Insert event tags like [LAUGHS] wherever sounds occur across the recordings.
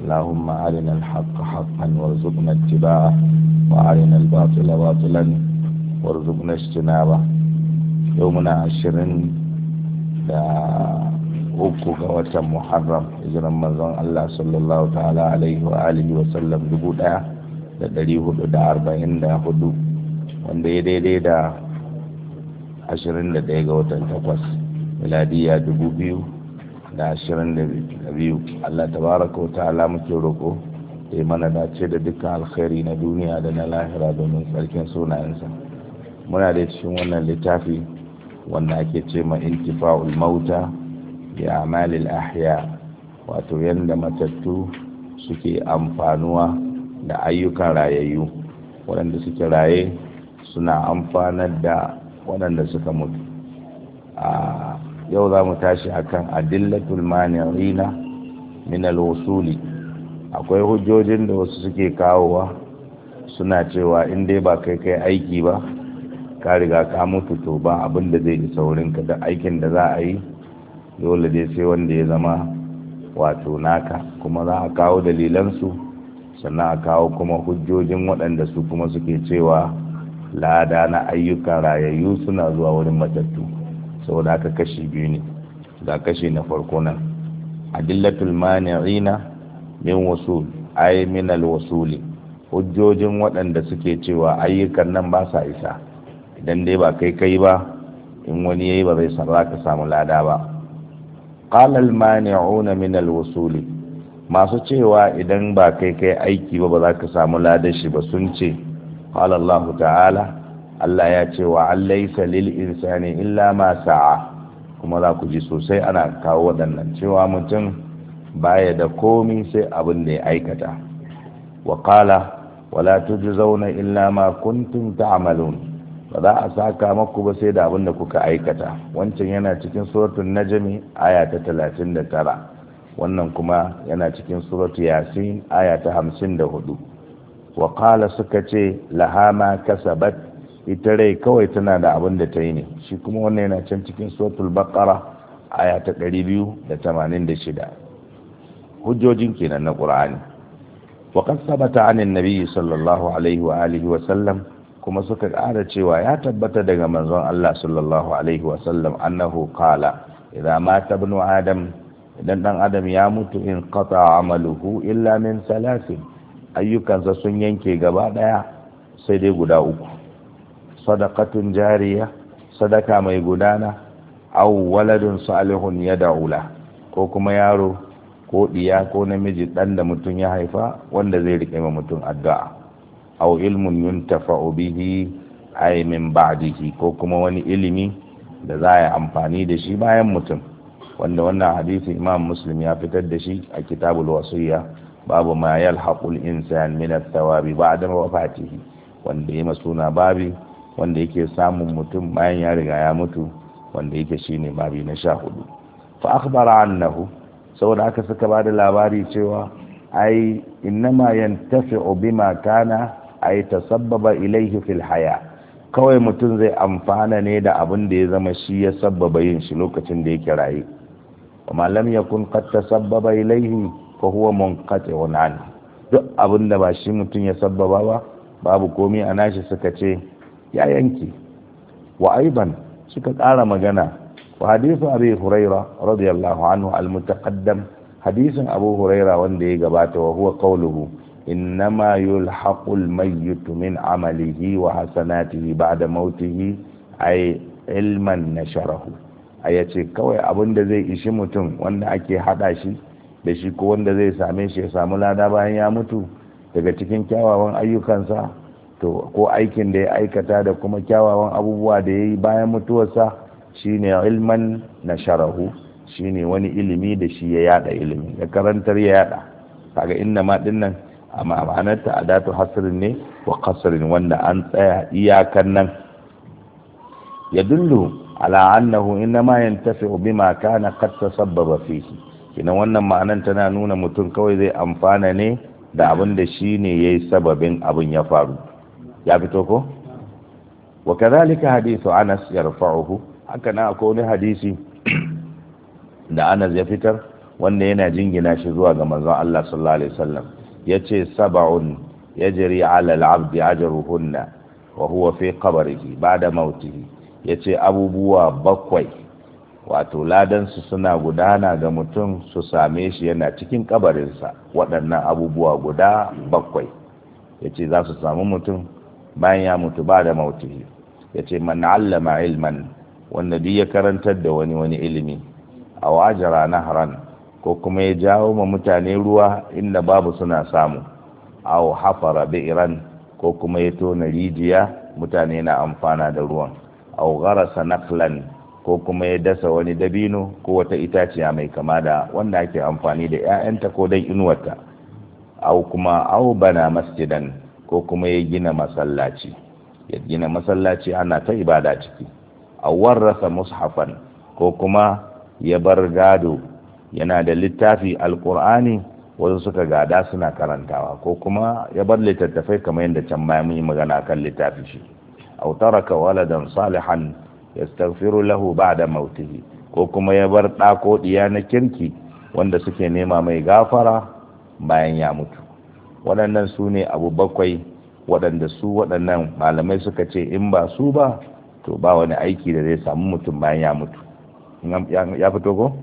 اللهم أرنا الحق حقا وارزقنا اتباعه وأرنا الباطل باطلا وارزقنا اجتنابه يومنا عشرين da uku ga watan Muharram hijiran manzon Allah sallallahu ta'ala alaihi wa alihi wa sallam dubu daya da dari hudu da arba'in da hudu wanda ya daidai da ashirin da daya ga watan takwas miladiya dubu biyu da ashirin da biyu Allah tabaraka wa ta'ala muke roƙo ya mana dace da dukkan alkhairi na duniya da na lahira domin tsarkin sunayensa muna da cikin wannan littafi wanda ake ce ma intifa'ul mauta bi amalil ahya wato yanda matattu suke amfanuwa da ayyukan rayayyu waɗanda suke raye suna amfanar da waɗanda suka mutu a ah, yau za mu tashi akan adillatul manirina min alwusuli akwai hujjojin da wasu suke kawowa suna cewa in dai ba kai kai aiki ba ka riga ka mutu to ba abin da zai isa saurin ka da aikin da za a yi dole dai sai wanda ya zama wato naka kuma za a kawo dalilansu sannan a kawo kuma hujjojin waɗanda su kuma suke cewa lada na ayyukan rayayyu suna zuwa wurin matattu saboda haka kashi biyu ne ga kashi na farko nan adillatul mani'ina min wasul ay min hujjojin waɗanda suke cewa ayyukan nan ba sa isa idan dai ba kai kai ba in wani yayi ba zai sarra ka samu lada ba qala mani'una min alwasuli masu cewa idan ba kai kai aiki ba ba za ka samu lada shi ba sun ce qala Allah ta'ala Allah ya ce wa allaisa lil insani illa ma sa'a kuma za ku ji sosai ana kawo waɗannan cewa mutum baya da komi sai abin da ya aikata wa qala wala tujzauna illa ma kuntum ta'malun ba za a saka maku ba sai da abin da kuka aikata wancan yana cikin suratul najmi aya ta tara, wannan kuma yana cikin suratul yasin aya ta 54 wa qala suka ce lahama ma kasabat ita rai kawai tana da abin da ta yi ne shi kuma wannan yana can cikin suratul baqara aya ta 286 hujjojin kenan na qur'ani wa qad sabata anin nabiyyi sallallahu alaihi wa alihi wa sallam kuma suka ƙara cewa ya tabbata daga manzon Allah sallallahu alaihi wa sallam annahu qala idza mata ibnu adam idan dan adam ya mutu in qata amaluhu illa min salasin ayyukansa sun yanke gaba daya sai dai guda uku Sadaƙatun jariya sadaka mai gudana aw waladun salihun daula ko kuma yaro ko diya ko namiji ɗan da mutum ya haifa wanda zai rike ma mutum addu'a au ilmun yuntafa'u bihi ay min ba'dihi ko kuma wani ilimi da za a yi amfani da shi bayan mutum wanda wannan hadisi imam muslim ya fitar da shi a kitabul wasiya babu ma yalhaqul insan min at-thawabi ba'da wafatihi wanda ya masuna babi wanda yake samun mutum bayan ya riga ya mutu wanda yake shine babi na sha hudu fa akhbara annahu saboda aka suka bada labari cewa ai innama yantafi'u bima kana ai tasabbaba ilaihi fil haya kawai mutum zai amfana ne da abin da ya zama shi ya sabbaba yin shi lokacin da yake raye kuma lam yakun qad tasabbaba ilaihi fa huwa munqati'un an duk abin da ba shi mutum ya sabbaba ba babu komai a nashi suka ce ya yanke wa aiban suka ƙara magana wa hadisu abu huraira radiyallahu anhu al al-mutaqaddam hadisin abu huraira wanda ya gabata wa huwa qawluhu innama yulhaqu almayyit min amalihi wa hasanatihi ba'da mautihi ay ilman nasharahu ayace kawai abin da zai ishi mutum wanda ake hada shi da shi ko wanda zai same shi ya samu lada bayan ya mutu daga cikin kyawawan ayyukansa to ko aikin da ya aikata da kuma kyawawan abubuwa da ya yi bayan mutuwarsa shine ilman na sharahu shine wani ilimi da shi ya yada ilimi ya karantar ya yada kaga inna ma dinnan a ma'anarta adatu hasrin ne wa qasrin wanda an tsaya iyakan nan ya dullu ala annahu inna ma yantafi'u bima kana qad tasabbaba fihi kina wannan ma'anar tana nuna mutum kawai zai amfana ne da abin da shine yayi sababin abin ya faru ya fito ko wa kadhalika hadithu anas yarfa'uhu haka na akwai wani hadisi [CLEARS THROAT] da anas ya fitar wanda yana jingina shi zuwa ga manzo Allah sallallahu alaihi wasallam yace sab'un yajri 'ala al-'abdi ajruhunna wa huwa fi qabrihi ba'da mautihi yace abubuwa bakwai wato ladan su suna gudana ga mutum su same shi yana cikin kabarinsa waɗannan abubuwa guda bakwai yace ce za su samu mutum bayan ya mutu ba da mautihi ya ce man allama ilman wanda duk ya karantar da wani wani ilimi a wajara na haran. ko kuma ya jawo ma mutane ruwa inda babu suna samu a hafara iran ko kuma ya tona rijiya mutane na amfana da ruwan a gharasa naklan ko kuma ya dasa wani dabino ko wata itaciya mai kama da wanda ake amfani da 'ya'yanta ko dan inuwarta A kuma au bana masjidan ko kuma ya gina masallaci ya gina masallaci ana ta ibada ciki a warrasa mushafan ko kuma ya bar gado yana da littafi alkur'ani wasu suka gada suna karantawa ko kuma ya bar littattafai kamar yadda can baya mun yi magana kan littafi shi aw taraka waladan salihan yastaghfiru lahu ba'da mautihi ko kuma ya bar dako diya na kirki wanda suke nema mai gafara bayan ya mutu waɗannan su ne abu bakwai waɗanda su waɗannan malamai suka ce in ba su ba to ba wani aiki da zai samu mutum bayan ya mutu ya fito ko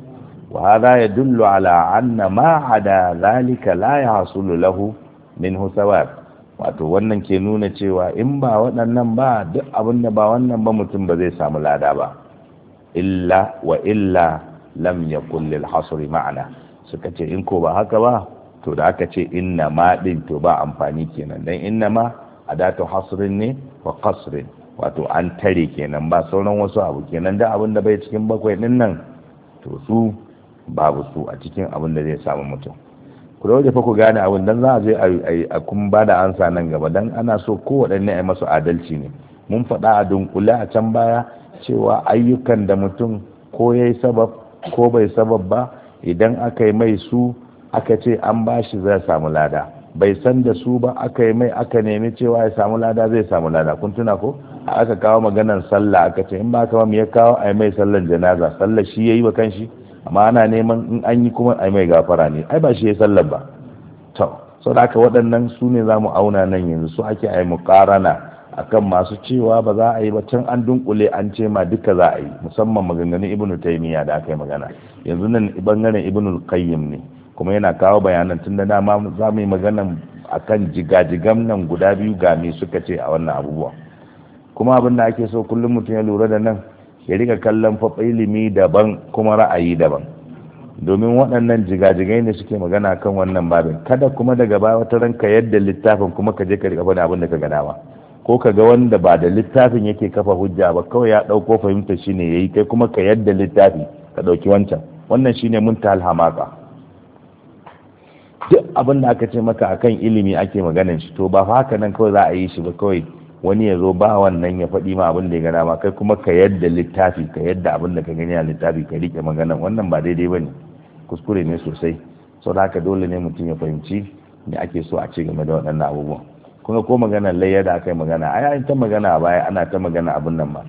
wa hadha yadullu ala anna ma hada zalika la yahsulu lahu min husawar wato wannan ke nuna cewa in ba waɗannan ba duk abin da ba wannan ba mutum ba zai samu lada ba illa wa illa lam yakul lil hasri ma'ana suka ce in ko ba haka ba to da aka ce inna ma din to ba amfani kenan dan inna ma adatu hasrin ne wa qasrin wato an tare kenan ba sauran wasu abu kenan da abin da bai cikin bakwai din nan to su babu su a cikin abin da zai samu mutum ku da fa ku gane abin dan za a je a kun ba da ansa nan gaba dan ana so kowaɗanne a masu adalci ne mun faɗa a dunkule a can baya cewa ayyukan da mutum ko ya sabab ko bai sabab ba idan aka yi mai su aka ce an bashi zai samu lada bai san da su ba aka yi mai aka nemi cewa ya samu lada zai samu lada kun tuna ko aka kawo maganan sallah aka ce in ba ka mu ya kawo a mai sallan janaza sallar shi yayi wa kanshi amma ana neman in an yi kuma a mai gafara ne ai ba shi ya sallar ba to saboda haka waɗannan su ne za mu auna nan yanzu su ake a yi muƙarana akan masu cewa ba za a yi ba can an dunkule an ce ma duka za a yi musamman maganganun ibnu taymiya da aka yi magana yanzu nan bangaren ibnu qayyim ne kuma yana kawo bayanan tun da dama za mu yi maganan kan jigajigan nan guda biyu ga me suka ce a wannan abubuwa kuma abin da ake so kullum mutum ya lura da nan ya rika kallon faɓa ilimi daban kuma ra'ayi daban domin waɗannan jigajigai ne suke magana kan wannan babin kada kuma daga baya wata ranka yadda littafin kuma ka je ka rika faɗa abin da ka gada ba ko ka ga wanda ba da littafin yake kafa hujja ba kawai ya ɗauko fahimta shine yayi kai kuma ka yadda littafi ka ɗauki wancan wannan shine mun ta hamaka duk abin da aka ce maka akan ilimi ake maganin shi to ba haka nan kawai za a yi shi ba kawai wani ya zo ba wannan ya faɗi ma abin da ya gana ma kai kuma ka yadda littafi ka yadda abin da ka gani a littafi ka rike maganan wannan ba daidai ba ne kuskure ne sosai sau da dole ne mutum ya fahimci a ake so a ci game da waɗannan abubuwan kuma ko magana layya da aka yi magana a ta magana a baya ana ta magana abin nan ma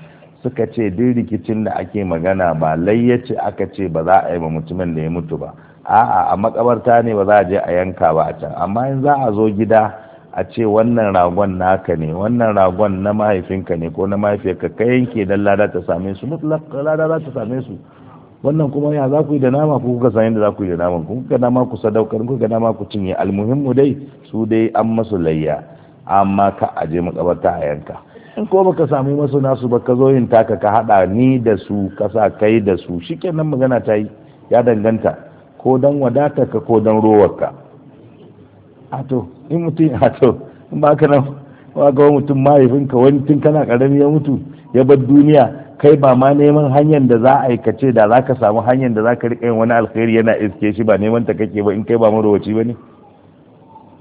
suka ce duk rikicin da ake magana ba layya ce aka ce ba za a yi ba mutumin da ya mutu ba a'a a makabarta ne ba za a je a yanka ba a can amma in za a zo gida a ce wannan ragon naka ne wannan ragon na mahaifinka ne ko na mahaifiyarka ka yanke dan lada ta same su mutlak lada za ta same su wannan kuma ya za ku yi da nama ko kuka san yadda za ku yi da naman ku kuka nama ku sadaukar ku kuka nama ku cinye almuhimmu dai su dai an masu layya amma ka a je makabarta a yanka in ko baka sami masu nasu ba ka zo yin taka ka hada ni da su ka sa kai da su shikenan magana ta yi ya danganta ko don wadatarka ko don rowarka a to in mutum ato to in ba ka nan wa ga mutum mahaifinka wani tun kana karami ya mutu ya bar duniya kai ba ma neman hanyar da za a aikace da za ka samu hanyar da za ka riƙa yin wani alkhairi yana iske shi ba neman ta kake ba in kai ba marowaci ba ne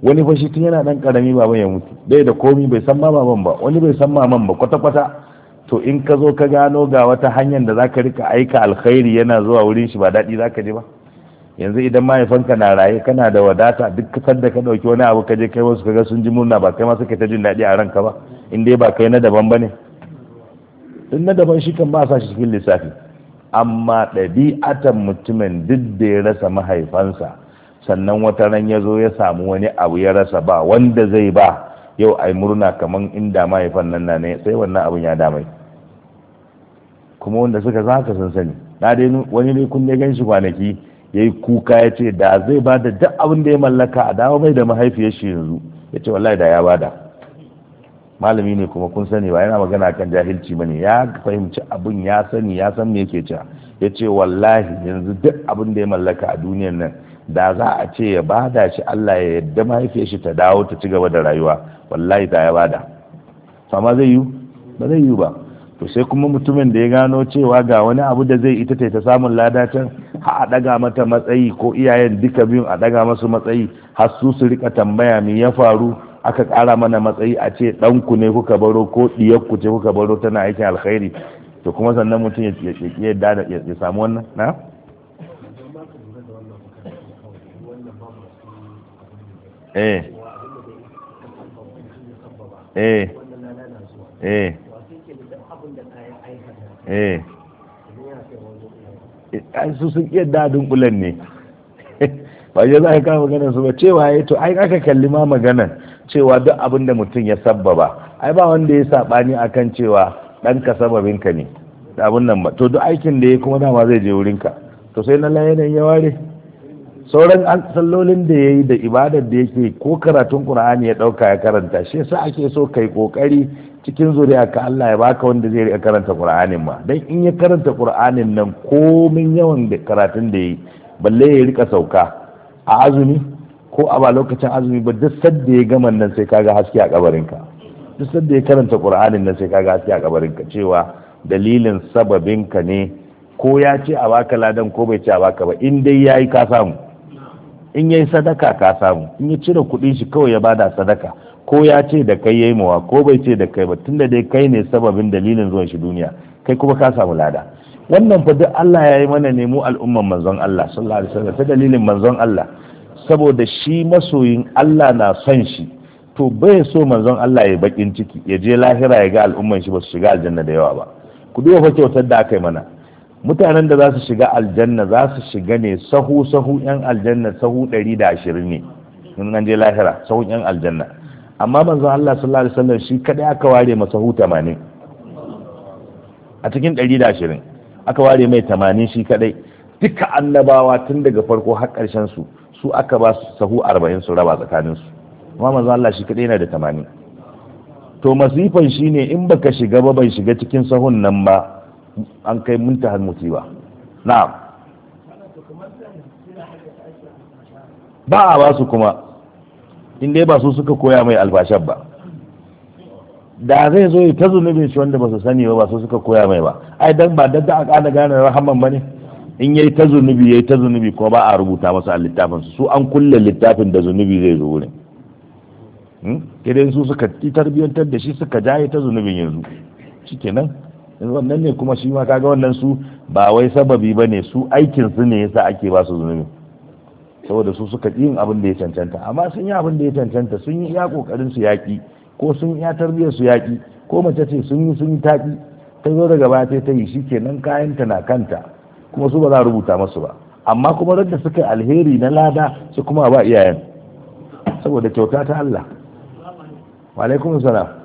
wani fashi tun yana dan karami baban ya mutu bai da komi bai san ma baban ba wani bai san maman ba kwata kwata to in ka zo ka gano ga wata hanyar da za ka rika aika alkhairi yana zuwa wurin shi ba daɗi za ka ji ba yanzu idan mahaifanka na raye kana da wadata duk kasar da ka dauki wani abu ka je kai wasu kaga sun ji murna ba kai ma suka ta jin daɗi a ranka ba in dai ba kai na daban bane in na daban shi kan ba sa shi cikin lissafi amma ɗabi'atan mutumin duk da ya rasa mahaifansa sannan wata ran ya zo ya samu wani abu ya rasa ba wanda zai ba yau ai murna kaman inda mahaifan nan na ne sai wannan abun ya damai kuma wanda suka zaka sun sani na dai wani ne kun ne gan shi kwanaki yayi kuka ya ce da zai ba da duk abin da ya mallaka a dawo mai da mahaifiyar shi yanzu ya ce wallahi da ya bada malami ne kuma kun sani ba yana magana kan jahilci bane ya fahimci abin ya sani ya san me yake cewa ya ce wallahi yanzu duk abin da ya mallaka a duniyar nan da za a ce ya bada shi Allah ya yadda mahaifiyar shi ta dawo ta ci gaba da rayuwa wallahi da ya bada amma zai yi ba zai yi ba to sai kuma mutumin da ya gano cewa ga wani abu da zai ita ta samun lada can a ɗaga mata matsayi ko iyayen duka biyun a ɗaga masu matsayi har su su rika tambaya me ya faru aka ƙara mana matsayi a ce ɗanku ne kuka baro ko ku ce kuka baro tana aikin alkhairi to kuma sannan mutum ya ya samu wannan na eh eh eh eh su sun iya dadin kulan ne ba ya za kama maganar su ba cewa ya to ai aka kalli ma maganar cewa duk abin da mutum ya sabbaba ai ba wanda ya sabani akan cewa dan ka sababin ka ne da abin nan ba to duk aikin da ya kuma dama zai je wurinka to sai na layanan ya ware sauran sallolin da ya yi da ibadar da yake ko karatun qur'ani ya ɗauka ya karanta shi yasa ake so kai kokari cikin zuriya ka Allah ya baka wanda zai riƙa karanta qur'anin ma dan in ya karanta qur'anin nan komin yawan karatun da yi balle ya rika sauka a azumi ko a ba lokacin azumi ba duk sadda ya gama nan sai kaga haske a kabarinka duk sadda ya karanta qur'anin nan sai kaga haske a kabarinka cewa dalilin sababin ka ne ko ya ce a baka ladan ko bai ce a baka ba in dai yayi ka samu in yayi sadaka ka samu in ya cire kuɗi shi kawai ya bada sadaka ko ya ce da kai yayi mawa ko bai ce da kai ba tunda dai kai ne sababin dalilin zuwan shi duniya kai kuma ka samu lada wannan fa duk Allah ya yi mana ne mu al'umman manzon Allah sallallahu alaihi wasallam ta dalilin manzon Allah saboda shi masoyin Allah na son shi to bai so manzon Allah ya bakin ciki ya je lahira ya ga al'umman shi ba su shiga aljanna da yawa ba ku duba fa kyautar da aka yi mana mutanen da za su shiga aljanna za su shiga ne sahu sahu yan aljanna sahu ɗari da ashirin ne in an je lahira sahu yan aljanna amma manzon Allah sallallahu alaihi wasallam shi kadai aka ware masa sahu tamanin a cikin ɗari da ashirin aka ware mai tamanin shi kadai duka annabawa tun daga farko har ƙarshen su su aka ba su sahu arba'in su raba tsakanin su amma manzon Allah shi kadai yana da tamanin to masifan shine in baka shiga ba ban shiga cikin sahun nan ba an kai muntahan musiba na'am ba a ba su kuma inda ba su suka koya mai albashan ba da zai zo ta zunubin shi wanda ba su sani ba su suka koya mai ba ai dan ba dadda a kana gane rahaman ba ne in yayi ta zunubi yayi ta zunubi ko ba a rubuta masa a littafin su su an kulle littafin da zunubi zai zo ne hmm? kidan su suka tarbiyantar da shi suka jaye ta zunubin yanzu shikenan in wannan ne kuma shi ma kaga wannan su ba wai sababi ba ne su aikin su ne yasa ake ba su zunubi saboda su suka yin abin da ya cancanta amma sun yi abin da ya cancanta sun yi ya kokarin su yaki ko sun ya tarbiyyar su yaki ko mace ce sun yi sun yi taki ta zo daga baya ta ta yi shi kenan kayan ta na kanta kuma su ba za a rubuta masu ba amma kuma radda suka yi alheri na lada su kuma ba iyayen saboda kyauta ta Allah wa alaikum salam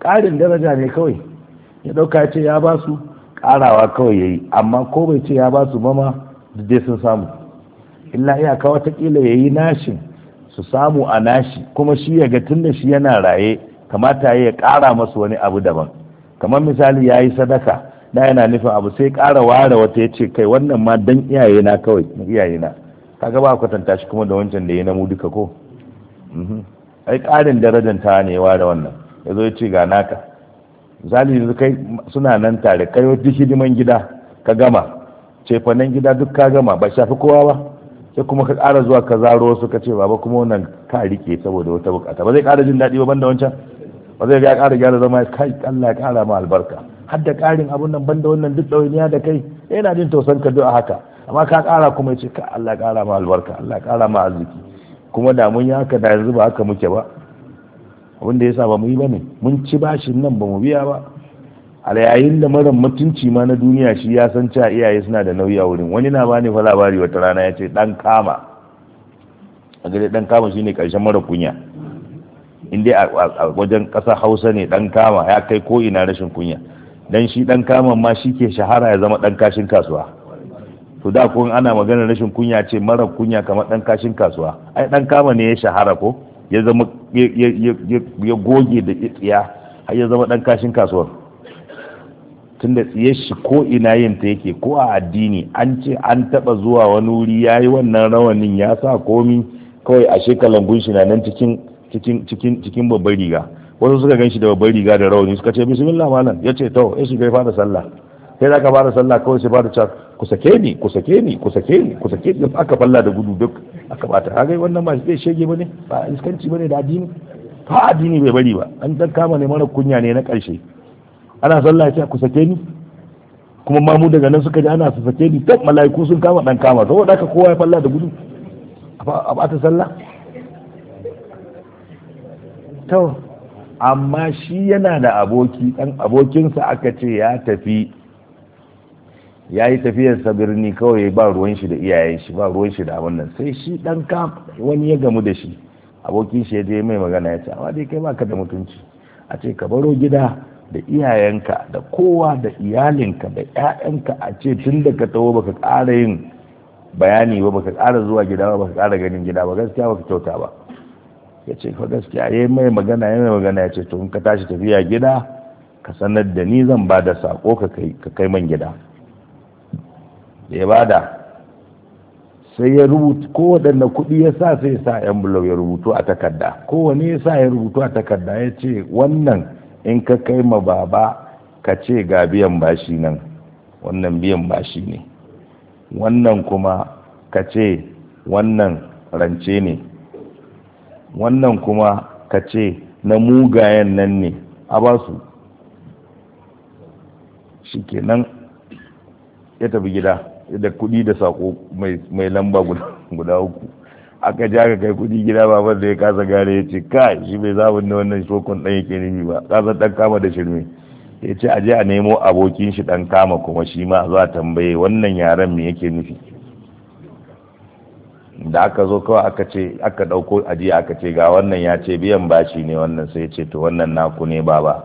ƙarin daraja ne kawai ya ɗauka ce ya ba su ƙarawa kawai ya yi amma ko bai ce ya ba su ba ma dai sun samu illa iyaka watakila ya yi nashin su samu a nashi kuma shi ya ga tun da shi yana raye kamata ya ƙara masu wani abu daban kamar misali ya yi sadaka na yana nufin abu sai ƙara ware wata ya ce kai wannan ma dan iyayena kawai iyayena kaga ba kwatanta shi kuma da wancan da ya na mu duka ko mhm. ai ƙarin darajanta ne ya ware wannan ya zo ya ce ga naka misali yanzu kai suna nan tare kai duk hidiman gida ka gama cefanen gida duk ka gama ba shafi kowa ba sai kuma ka ƙara zuwa ka zaro wasu ka ce baba kuma wannan ka rike saboda wata bukata ba zai ƙara jin daɗi ba banda wancan ba zai ya ƙara gyara zama kai Allah ya ƙara ma albarka har da ƙarin abun nan banda wannan duk ɗauniya da kai yana jin tausan ka a haka amma ka kara kuma ya ce ka Allah ya ƙara ma albarka Allah ya ƙara ma arziki kuma da mun yi haka da yanzu ba haka muke ba abinda ya sa ba mu yi ba ne mun ci bashin nan ba mu biya ba a yayin da mara mutunci ma na duniya shi ya san cewa iyaye suna da nauyi a wurin wani na bani fa labari wata rana ya ce dan kama a gare dan kama shine karshen mara kunya in dai a wajen ƙasa hausa ne dan kama ya kai ko ina rashin kunya dan shi dan kama ma shi ke shahara ya zama dan kashin kasuwa to da kun ana maganar rashin kunya ce mara kunya kamar dan kashin kasuwa ai dan kama ne ya shahara ko ya zama ya goge da tsiya har ya zama dan kashin kasuwar tun da tsiye shi ko ina yin ta yake ko a addini an ce an taba zuwa wani wuri ya yi wannan rawanin ya sa komi kawai a shekalan gunshi na nan cikin cikin babbar riga wasu suka gan shi da babbar riga da rawani suka ce bismillah malam ya ce to ya shiga ya fara sallah sai zaka fara sallah kawai sai fara cewa ku sake ni ku sake ni ku sake ni ku sake ni aka falla da gudu duk aka bata kaga wannan ba zai shege bane ba iskanci bane da addini ba addini bai bari ba an dan kama ne mara kunya ne na karshe ana sallah ya ku sake ni kuma mamu daga nan suka ji ana su sake ni tak mala'iku sun kama dan kama saboda haka kowa ya falla da gudu a bata sallah to amma shi yana da aboki dan abokinsa aka ce ya tafi ya yi tafiyarsa birni kawai ba ruwan shi da iyayen shi ba ruwan shi da abin nan sai shi dan ka wani ya gamu da shi abokin shi ya je mai magana ya ce amma dai kai baka da mutunci a ce ka baro gida da iyayenka da kowa da iyalinka da ƴaƴanka a ce tun da ka taho baka ƙara yin bayani ba baka ƙara zuwa gida ba baka ƙara ganin gida ba gaskiya baka kyauta ba ya ce fa gaskiya ya yi mai magana ya mai magana ya ce to in ka tashi tafiya gida ka sanar da ni zan ba da sako ka kai man gida da ya bada sai ya rubuta kuɗi ya sa sai sa yan bulo ya rubutu a takarda kowane ya sa ya rubutu a takarda ya ce wannan in ka kai ma baba ka ce ga biyan bashi nan wannan biyan bashi ne wannan kuma ka ce wannan rance ne wannan kuma ka ce na mugayen nan ne a ba su shi kenan ya tafi gida da kuɗi da sako mai lamba guda uku aka ja ka kai kuɗi gida baban da ya kasa gare ya ce kai shi bai zaɓin da wannan shokon ɗan yake nufi ba kasa ɗan kama da shirme ya ce aje a nemo abokin shi ɗan kama kuma shi ma za tambaye wannan yaren me yake nufi da aka zo kawai aka ce aka ɗauko ajiya aka ce ga wannan ya ce biyan bashi ne wannan sai ya ce to wannan naku ne baba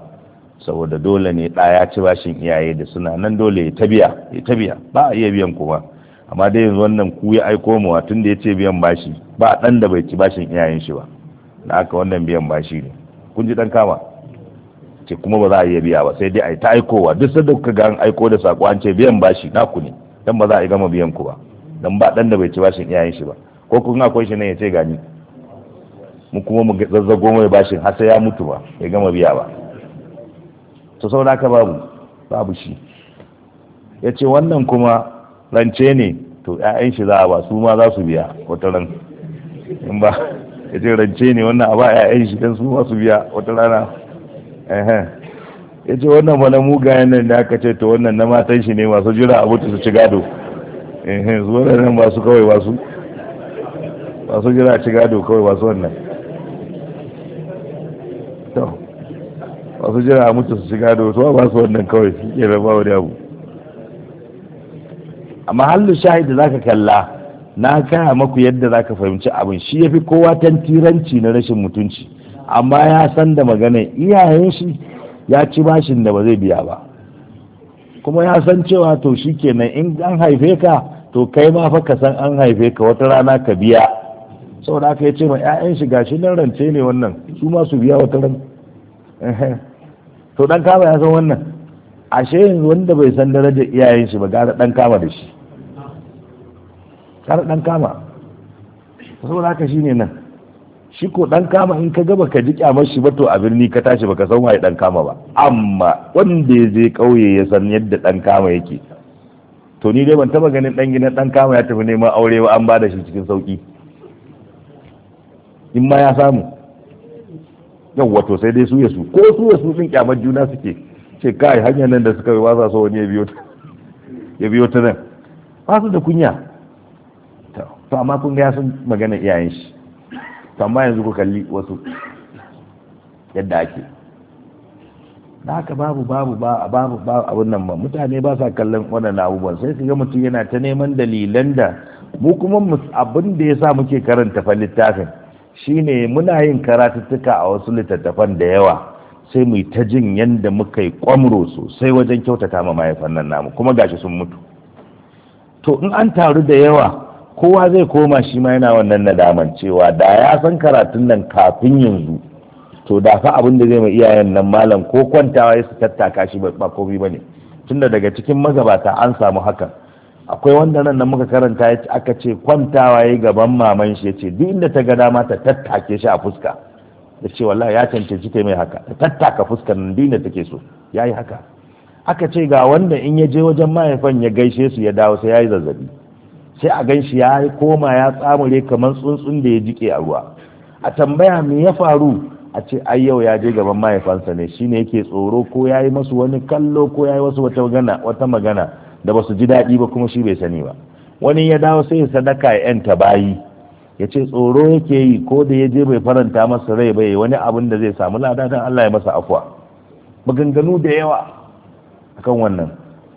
saboda dole ne ɗa ya ci bashin iyaye da suna nan dole ya tabiya ya tabiya ba a iya biyan kuma amma dai yanzu wannan ku ya aiko mu tun da ya ce biyan bashi ba ɗan da bai ci bashin iyayen shi ba Na aka wannan biyan bashi ne kun ji ɗan kama ce kuma ba za a iya biya ba sai dai a yi ta aikowa duk da kuka ga an aiko da sako an ce biyan bashi na ku ne dan ba za a yi gama biyan ku ba dan ba ɗan da bai ci bashin iyayen shi ba ko kun akwai shi ne ya ce gani mu kuma mu zazzago mai bashin har sai ya mutu ba ya gama biya ba to saboda ka babu babu shi ya ce wannan kuma rance ne to 'ya'yan shi za a ba su ma za su biya wata ran in ba ya ce rance ne wannan a ba 'ya'yan shi don su ma su biya wata rana ya ce wannan mana muga yanar da aka ce to wannan na matan shi ne masu jira a mutu su ci gado su wannan ba su kawai ba su ba su jira ci gado kawai ba su wannan Wasu jira a mutu su shiga da wasu ba su wannan kawai su ke ba wani abu a mahallin shahid da za ka kalla na kaya maku yadda zaka fahimci abin shi yafi kowa tantiranci na rashin mutunci amma ya san da magana iyayen shi ya ci bashin da ba zai biya ba kuma ya san cewa to shi kenan in an haife ka to kai ma fa ka san an haife ka wata rana ka biya saboda aka ya ce ma 'ya'yan shi gashi nan rance ne wannan su ma su biya wata rana to dan kama ya san wannan ashe yanzu wanda bai san darajar iyayen shi ba gara dan kama da shi gara dan kama saboda haka shine nan shi ko dan kama in ka gaba ka ji kyamar shi ba to a birni ka tashi baka san waye dan kama ba amma wanda ya je kauye ya san yadda dan kama yake to ni dai ban taba ganin dan gina dan kama ya tafi neman aure ba an bada shi cikin sauki in ma ya samu yau wato sai dai su ya su ko su ya su sun kyamar juna suke ce kai hanyar nan da suka yi wasa so wani ya biyo ta nan ba su da kunya to amma kun ya sun magana iyayen shi to amma yanzu ku kalli wasu yadda ake da haka babu babu babu babu abun nan ba mutane ba sa kallon wannan abubuwan sai su ga mutum yana ta neman dalilan da mu kuma abin da ya sa muke karanta fa littafin shine muna yin karatuttuka a wasu littattafan da yawa sai mu ta jin yadda muka yi kwamro sosai wajen kyautata ma mahaifan nan namu kuma gashi sun mutu to in an taru da yawa kowa zai koma shi ma yana wannan nadaman cewa da ya san karatun nan kafin yanzu to da fa abin da zai mai iyayen nan malam ko kwantawa ya su tattaka shi ba komai bane tunda daga cikin magabata an samu hakan akwai wanda nan da muka karanta ya aka ce kwantawa ya gaban maman shi ya ce duk inda ta ga dama ta tattake shi a fuska da ce wallahi ya cancanci ta mai haka ta tattaka fuskar nan duk inda take so ya yi haka aka ce ga wanda in ya je wajen mahaifan ya gaishe su ya dawo sai ya yi zazzabi sai a gan shi ya koma ya tsamure kamar tsuntsun da ya jike a ruwa a tambaya me ya faru a ce ai yau ya je gaban mahaifansa ne shine yake tsoro ko ya yi masu wani kallo ko ya yi wasu wata magana da ba su ji daɗi ba kuma shi bai sani ba wani ya dawo sai ya sadaka ya yanta bayi ya ce tsoro yake yi ko da ya je bai faranta masa rai bai wani abin da zai samu lada don Allah ya masa afuwa maganganu da yawa akan wannan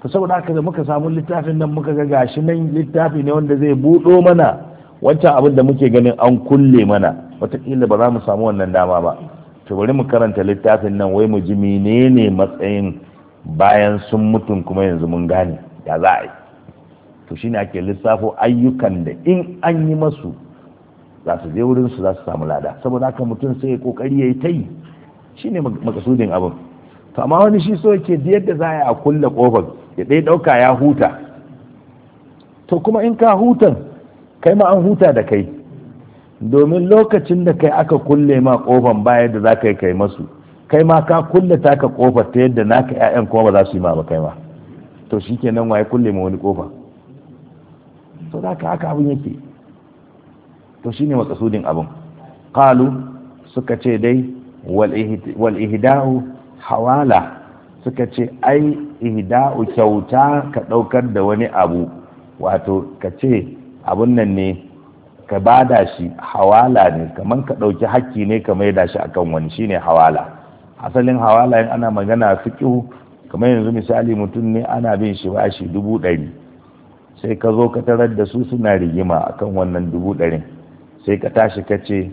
ta saboda haka da muka samu littafin nan muka ga gashi nan littafi ne wanda zai buɗo mana wancan abin da muke ganin an kulle mana wataƙila ba za mu samu wannan dama ba to bari mu karanta littafin nan wai mu ji menene matsayin bayan sun mutum kuma yanzu mun gane ya za a yi to shi ne ake lissafo ayyukan da in an yi masu za su je wurin su za su samu lada saboda haka mutum sai ya kokari ya yi ta yi shi ne makasudin abin to amma wani shi so yake da yadda za a kulle kofar ya ɗaya ɗauka ya huta to kuma in ka hutan kai ma an huta da kai domin lokacin da kai aka kulle ma kofan baya da za ka yi kai masu kai ma ka kulle taka kofar ta yadda naka 'ya'yan kuma ba za su yi ma ba kai ma to shi ke wa waye kulle ma wani kofa to za ka haka abin yake to shi ne makasudin abin Kalu, suka ce dai wal hawala suka ce ai ihida'u kyauta ka ɗaukar da wani abu wato ka ce abun nan ne ka bada shi hawala ne kaman ka ɗauki hakki ne ka mai da shi akan wani shine hawala asalin hawala yin ana magana fiqhu kamar yanzu misali mutum ne ana bin shi bashi dubu ɗari sai ka zo ka tarar da su suna rigima a kan wannan dubu ɗarin sai ka tashi ka ce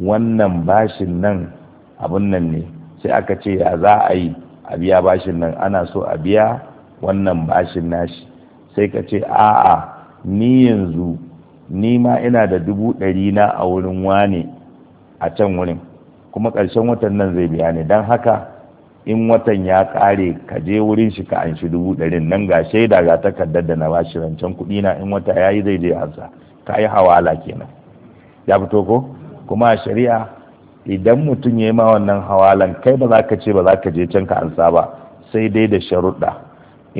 wannan bashin nan abun nan ne sai aka ce ya za a yi a biya bashin nan ana so a biya wannan bashin nashi sai ka ce a'a ni yanzu ni ma ina da dubu ɗari na a wurin wane a can wurin kuma ƙarshen watan nan zai biya ne don haka in watan ya kare ka je wurin shi ka anshi dubu ɗarin nan ga shaida ga takardar da na bashi rancen kuɗi na in wata ya yi zai je ansa ka yi hawala kenan ya fito ko kuma a shari'a idan mutum ya yi ma wannan hawalan kai ba za ka ce ba za ka je can ka ansa ba sai dai da sharuɗa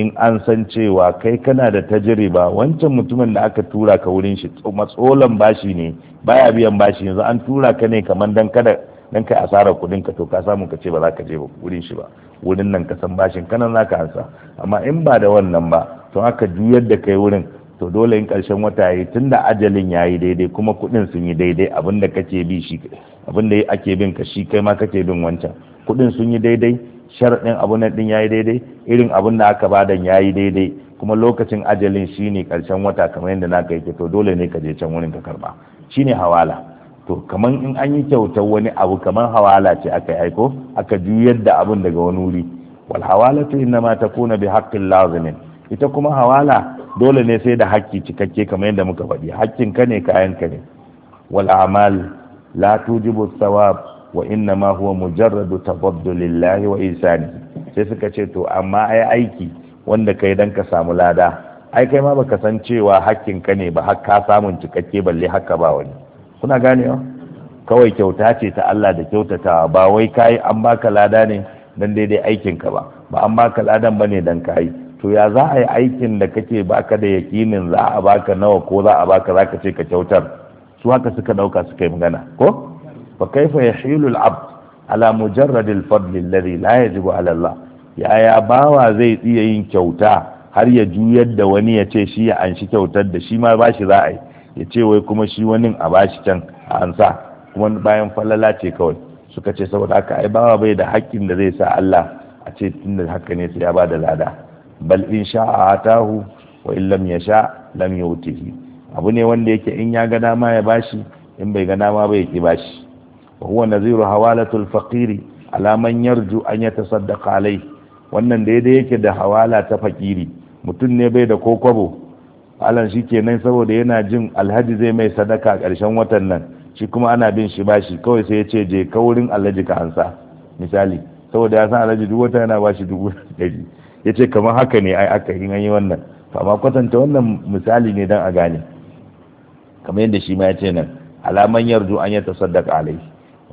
in an san cewa kai kana da ta jariba wancan mutumin da aka tura ka wurin shi matsolan bashi ne baya biyan bashi yanzu an tura ka ne kamar dan kada dan kai asarar kudin ka to ka samu ka ce ba za ka je wurin shi ba wurin nan ka san bashin kanan za ka ansa amma in ba da wannan ba to haka juyar da kai wurin to dole in karshen wata yayi tunda ajalin yayi daidai kuma kudin sun yi daidai da kake bi shi da ake bin ka shi kai ma kake bin wancan kudin sun yi daidai sharaɗin abu na ya yayi daidai irin abin da aka ya yayi daidai kuma lokacin ajalin shine karshen wata kamar yadda naka yake to dole ne ka je can wurin ka karba shine hawala to kamar in an yi kyautar wani abu kaman hawala ce aka aiko aka juyar da abun daga wani wuri wal hawalatu ta takuna bi haqqin lazimin ita kuma hawala dole ne sai da haƙƙi cikakke kamar yadda muka faɗi haƙƙin ka ne kayan ka ne wal a'mal la tujibu thawab wa inna ma huwa mujarradu lillahi wa isani sai suka ce to amma ai aiki wanda kai dan ka samu lada ai kai ma baka san cewa haƙƙin ka ne ba har ka samun cikakke balle haka ba wani kuna gane wa? kawai kyauta ce ta Allah da kyautatawa ba wai kai an baka lada ne dan daidai aikin ka ba ba an baka ladan bane dan kai to ya za a yi aikin da kake baka da yakinin za a baka nawa ko za a baka zaka ce ka kyautar su haka suka dauka suka yi magana ko fa kaifa yahilu al-abd ala mujarrad al-fadl alladhi la yajibu ala Allah ya ya bawa zai iya yin kyauta har ya juyar da wani ya ce shi ya anshi kyautar da shi ma ba shi za a yi ya ce wai kuma shi wani a bashi can a ansa kuma bayan falala ce kawai suka ce saboda haka ai bawa bai da haƙƙin da zai sa Allah a ce tun da haka ne sai ya ba da lada bal in sha'a atahu wa in lam yasha lam yutihi abu ne wanda yake in ya ga dama ya bashi in bai ga dama ba ya ki bashi wa huwa naziru hawalatul faqiri ala man yarju an yatasaddaqa alai wannan daidai yake da hawala ta fakiri mutum ne bai da ko alan shi kenan saboda yana jin alhaji zai mai sadaka a ƙarshen watan nan shi kuma ana bin shi bashi kawai sai ya ce je kaurin alhaji ka ansa misali saboda ya san alhaji duk wata yana bashi dubu ɗari ya ce kamar haka ne ai aka yi an yi wannan to amma kwatanta wannan misali ne don a gane kamar yadda shi ma ya ce nan alaman yarju an ya sadaka alai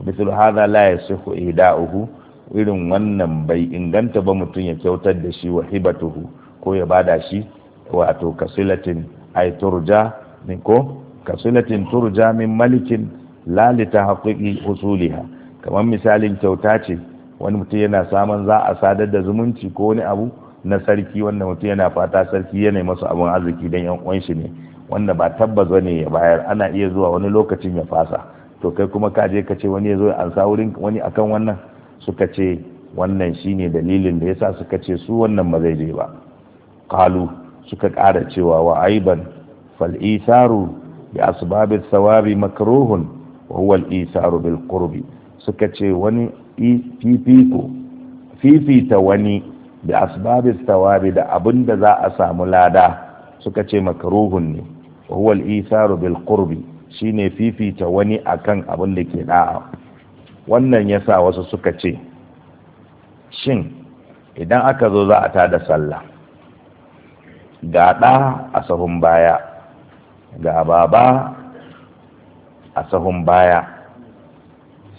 misal hadha la yasihu ihda'uhu irin wannan bai inganta ba mutum ya kyautar da shi wa hibatuhu ko ya bada shi wato kasilatin ai turja min ko kasilatin turja min malikin la li tahqiqi usuliha kamar misalin kyauta ce wani mutum yana samun za a sadar da zumunci ko wani abu na sarki wanda mutum yana fata sarki yana masa abun arziki dan yan uwan shi ne wanda ba tabbas ne ya bayar ana iya zuwa wani lokacin ya fasa to kai kuma ka je ka ce wani ya zo an sa wurin wani akan wannan suka ce wannan shine dalilin da yasa suka ce su wannan ba zai je ba qalu suka ƙara cewa wa aiban fal isaru bi asbabis sawabi makruhun wa huwa isaru bil qurbi suka ce wani fifiko fifita wani bi asbabis sawabi da abin da za a samu lada suka ce makruhun ne wa huwa isaru bil qurbi shine fifita wani akan abin da ke da'a wannan ya sa wasu suka ce shin idan aka zo za a tada sallah ga ɗa a sahun baya ga baba a sahun baya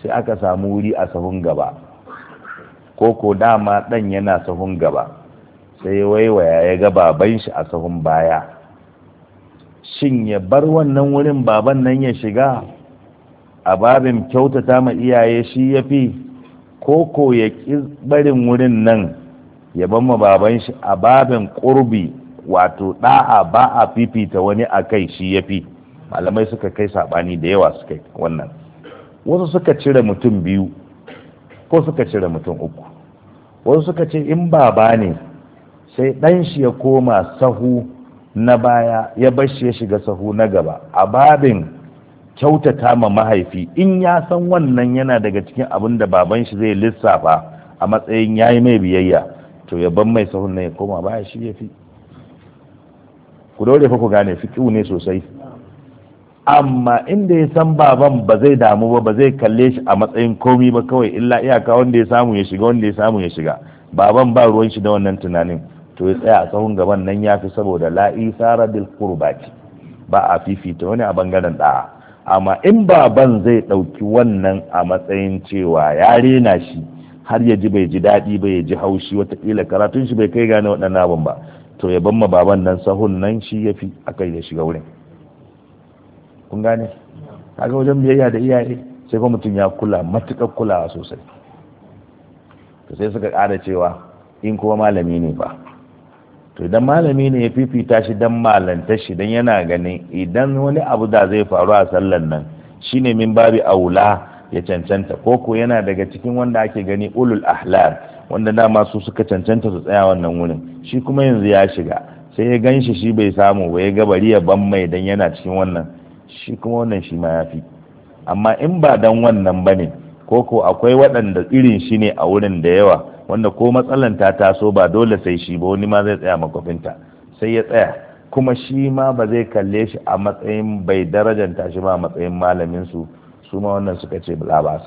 sai aka samu wuri a sahun gaba ko ko dama ɗan yana sahun gaba sai waiwaya ya ga baban shi a sahun baya shin ya bar wannan wurin baban nan ya shiga a babin kyautata ma iyaye shi ya fi ko ko ya ƙi barin wurin nan ya ban ma baban shi a babin ƙurbi wato ɗa'a ba a fifita wani a kai shi ya fi malamai suka kai saɓani da yawa suka yi wannan wasu suka cire mutum biyu ko suka cire mutum uku wasu suka ce in baba ne sai ɗan shi ya koma sahu na baya ya bashi ya shiga sahu na gaba a babin kyautata ma mahaifi in ya san wannan yana daga cikin abin da baban shi zai lissafa a matsayin ya yi mai biyayya to ya ban mai sahun na ya koma baya shi ya fi ku dole fa ku gane fiqhu ne sosai amma inda ya san baban ba zai damu ba ba zai kalle shi a matsayin komi ba kawai illa iyaka wanda ya samu ya shiga wanda ya samu ya shiga baban ba ruwan shi da wannan tunanin to ya tsaya a tsawon gaban nan ya fi saboda la'i sara bil qurbati ba a fifita wani a bangaren da'a amma in baban zai ɗauki wannan a matsayin cewa ya rena shi har ya ji bai ji daɗi ba ya ji haushi wataƙila karatun shi bai kai gane waɗannan abin ba to ya ma baban nan sahun nan shi ya fi aka yi da shiga wurin kun gane kaga wajen biyayya da iyaye sai kuma mutum ya kula matukar kulawa sosai to sai suka ƙara cewa in kuma malami ne ba to idan malami ne ya fifita shi dan malanta shi dan yana ganin idan wani abu da zai faru a sallan nan shine min babi aula ya cancanta koko yana daga cikin wanda ake gani ulul ahlar wanda dama su suka cancanta su tsaya wannan wurin shi kuma yanzu ya shiga sai ya gan shi shi bai samu ba ya ga bari ya ban mai dan yana cikin wannan shi kuma wannan shi ma ya fi amma in ba dan wannan ba ne ko ko akwai waɗanda irin shi ne a wurin da yawa wanda ko matsalan ta taso ba dole sai shi ba wani ma zai tsaya makwafinta sai ya tsaya kuma shi ma ba zai kalle shi a matsayin bai darajanta shi ba a matsayin malamin su su ma wannan suka ce la ba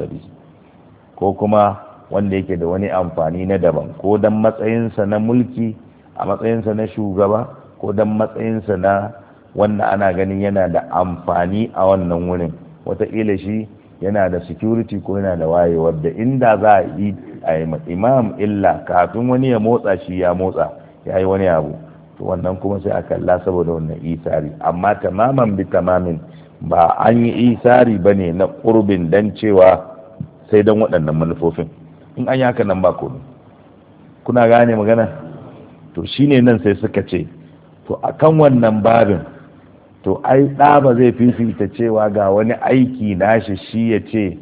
ko kuma wanda yake da wani amfani na daban ko dan matsayinsa na mulki a matsayinsa na shugaba ko dan matsayinsa na wanda ana ganin yana da amfani a wannan wurin wataƙila shi yana da security ko yana da wayewar da inda za a yi a imam illa kafin wani ya motsa shi ya motsa ya yi wani abu to wannan kuma sai a kalla saboda wannan isari amma tamaman bi tamamin ba an yi isari ba ne na ƙurbin don cewa sai don waɗannan manufofin in an yi haka nan ba komai kuna gane magana to shine nan sai suka ce to a kan wannan babin to ai ɗa ba zai fifita cewa ga wani aiki nashi shi ya ce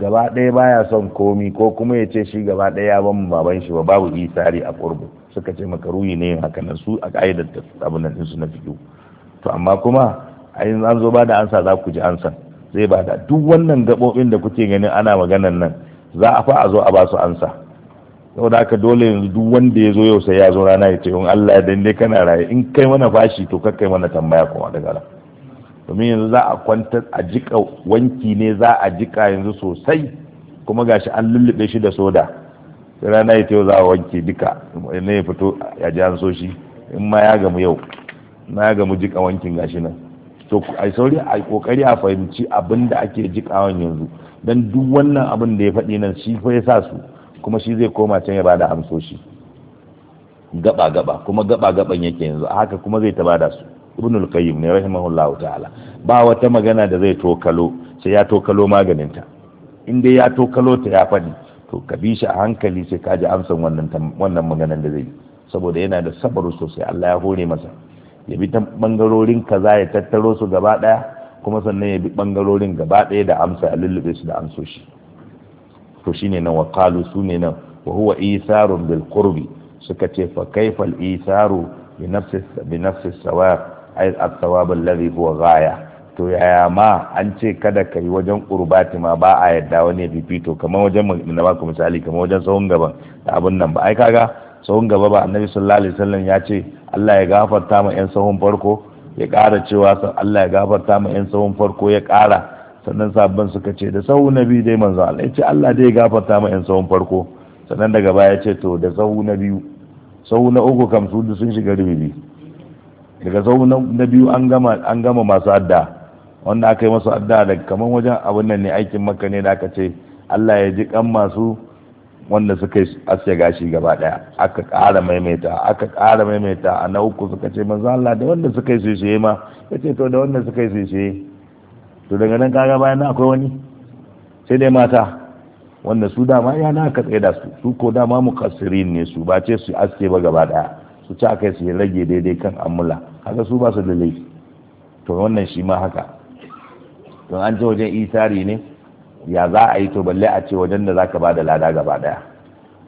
gaba ɗaya baya son komi ko kuma ya ce shi gaba ɗaya ya ban baban shi ba babu isari a ƙurbu suka ce makaruyi ne haka nan su a ƙa'idar da abin nan su na fito to amma kuma a an zo ba da ansa za ku ji ansa zai ba da duk wannan gaɓoɓin da kuke ganin ana maganan nan za a fa a zo a ba su ansa da aka dole yanzu duk wanda ya zo yau sai ya zo rana ya ce in Allah ya dande kana raye in kai mana fashi to kai mana tambaya kuma daga nan domin yanzu za a kwanta a jika wanki ne za a jika yanzu sosai kuma gashi an lullube shi da soda sai rana ya ce yau za a wanke duka ne ya fito ya ji an so shi in ma ya gamu yau na ya gamu jika wankin gashi nan to a sauri a kokari a fahimci abin da ake jikawan yanzu dan duk wannan abin da ya faɗi nan shi fa ya sa su kuma shi zai koma can ya bada amsoshi gaba gaba kuma gaba gaban yake yanzu a haka kuma zai ta bada su ibnul qayyim ne rahimahullahu ta'ala ba wata magana da zai tokalo sai ya tokalo maganinta in dai ya tokalo ta ya faɗi to ka bi shi a hankali sai ka ji amsan wannan wannan maganar da zai yi saboda yana da sabaru sosai Allah ya hore masa ya bi ta bangarorin kaza ya tattaro su gaba daya kuma sannan ya bi bangarorin gaba ɗaya da amsa a lullube su da amsoshi to shine nan wa qalu sune nan wa huwa isarun bil qurbi suka ce fa kaifa al isaru bi nafsi bi nafsi sawab ay al sawab alladhi huwa ghaya to yaya ma an ce kada ka yi wajen qurbati ma ba a yadda wani fifito kamar wajen mun ba ku misali kamar wajen sahun gaba, da abun nan ba ai kaga sahun gaba ba annabi sallallahu alaihi wasallam ya ce Allah ya gafarta ma yan sahun farko ya ƙara cewa san Allah ya gafarta ma 'yan sahun farko ya ƙara sannan sabbin suka ce da sahu na biyu dai manzo Allah ya ce Allah dai ya gafarta ma 'yan sahun farko sannan daga baya ce to da sahu na biyu sahu na uku kam su sun shiga rububi daga sahu na biyu an gama an gama masu adda wanda aka yi masu adda daga kamar wajen abin nan ne aikin makka ne da aka ce Allah ya ji kan masu wanda suka asya gashi gaba daya aka ƙara maimaita aka ƙara maimaita a na uku suka ce manzo Allah da wanda suka yi shi ma yace to da wanda suka yi shi to daga nan kaga bayan akwai wani sai dai mata wanda su dama ya na aka tsaye da su su ko dama muqassirin ne su ba ce su aske ba gaba daya su ci aka su rage daidai kan amula haka su ba su da laifi to wannan shi ma haka don an ce wajen isari ne ya za a yi to balle a ce wajen da za ka ba da lada gaba daya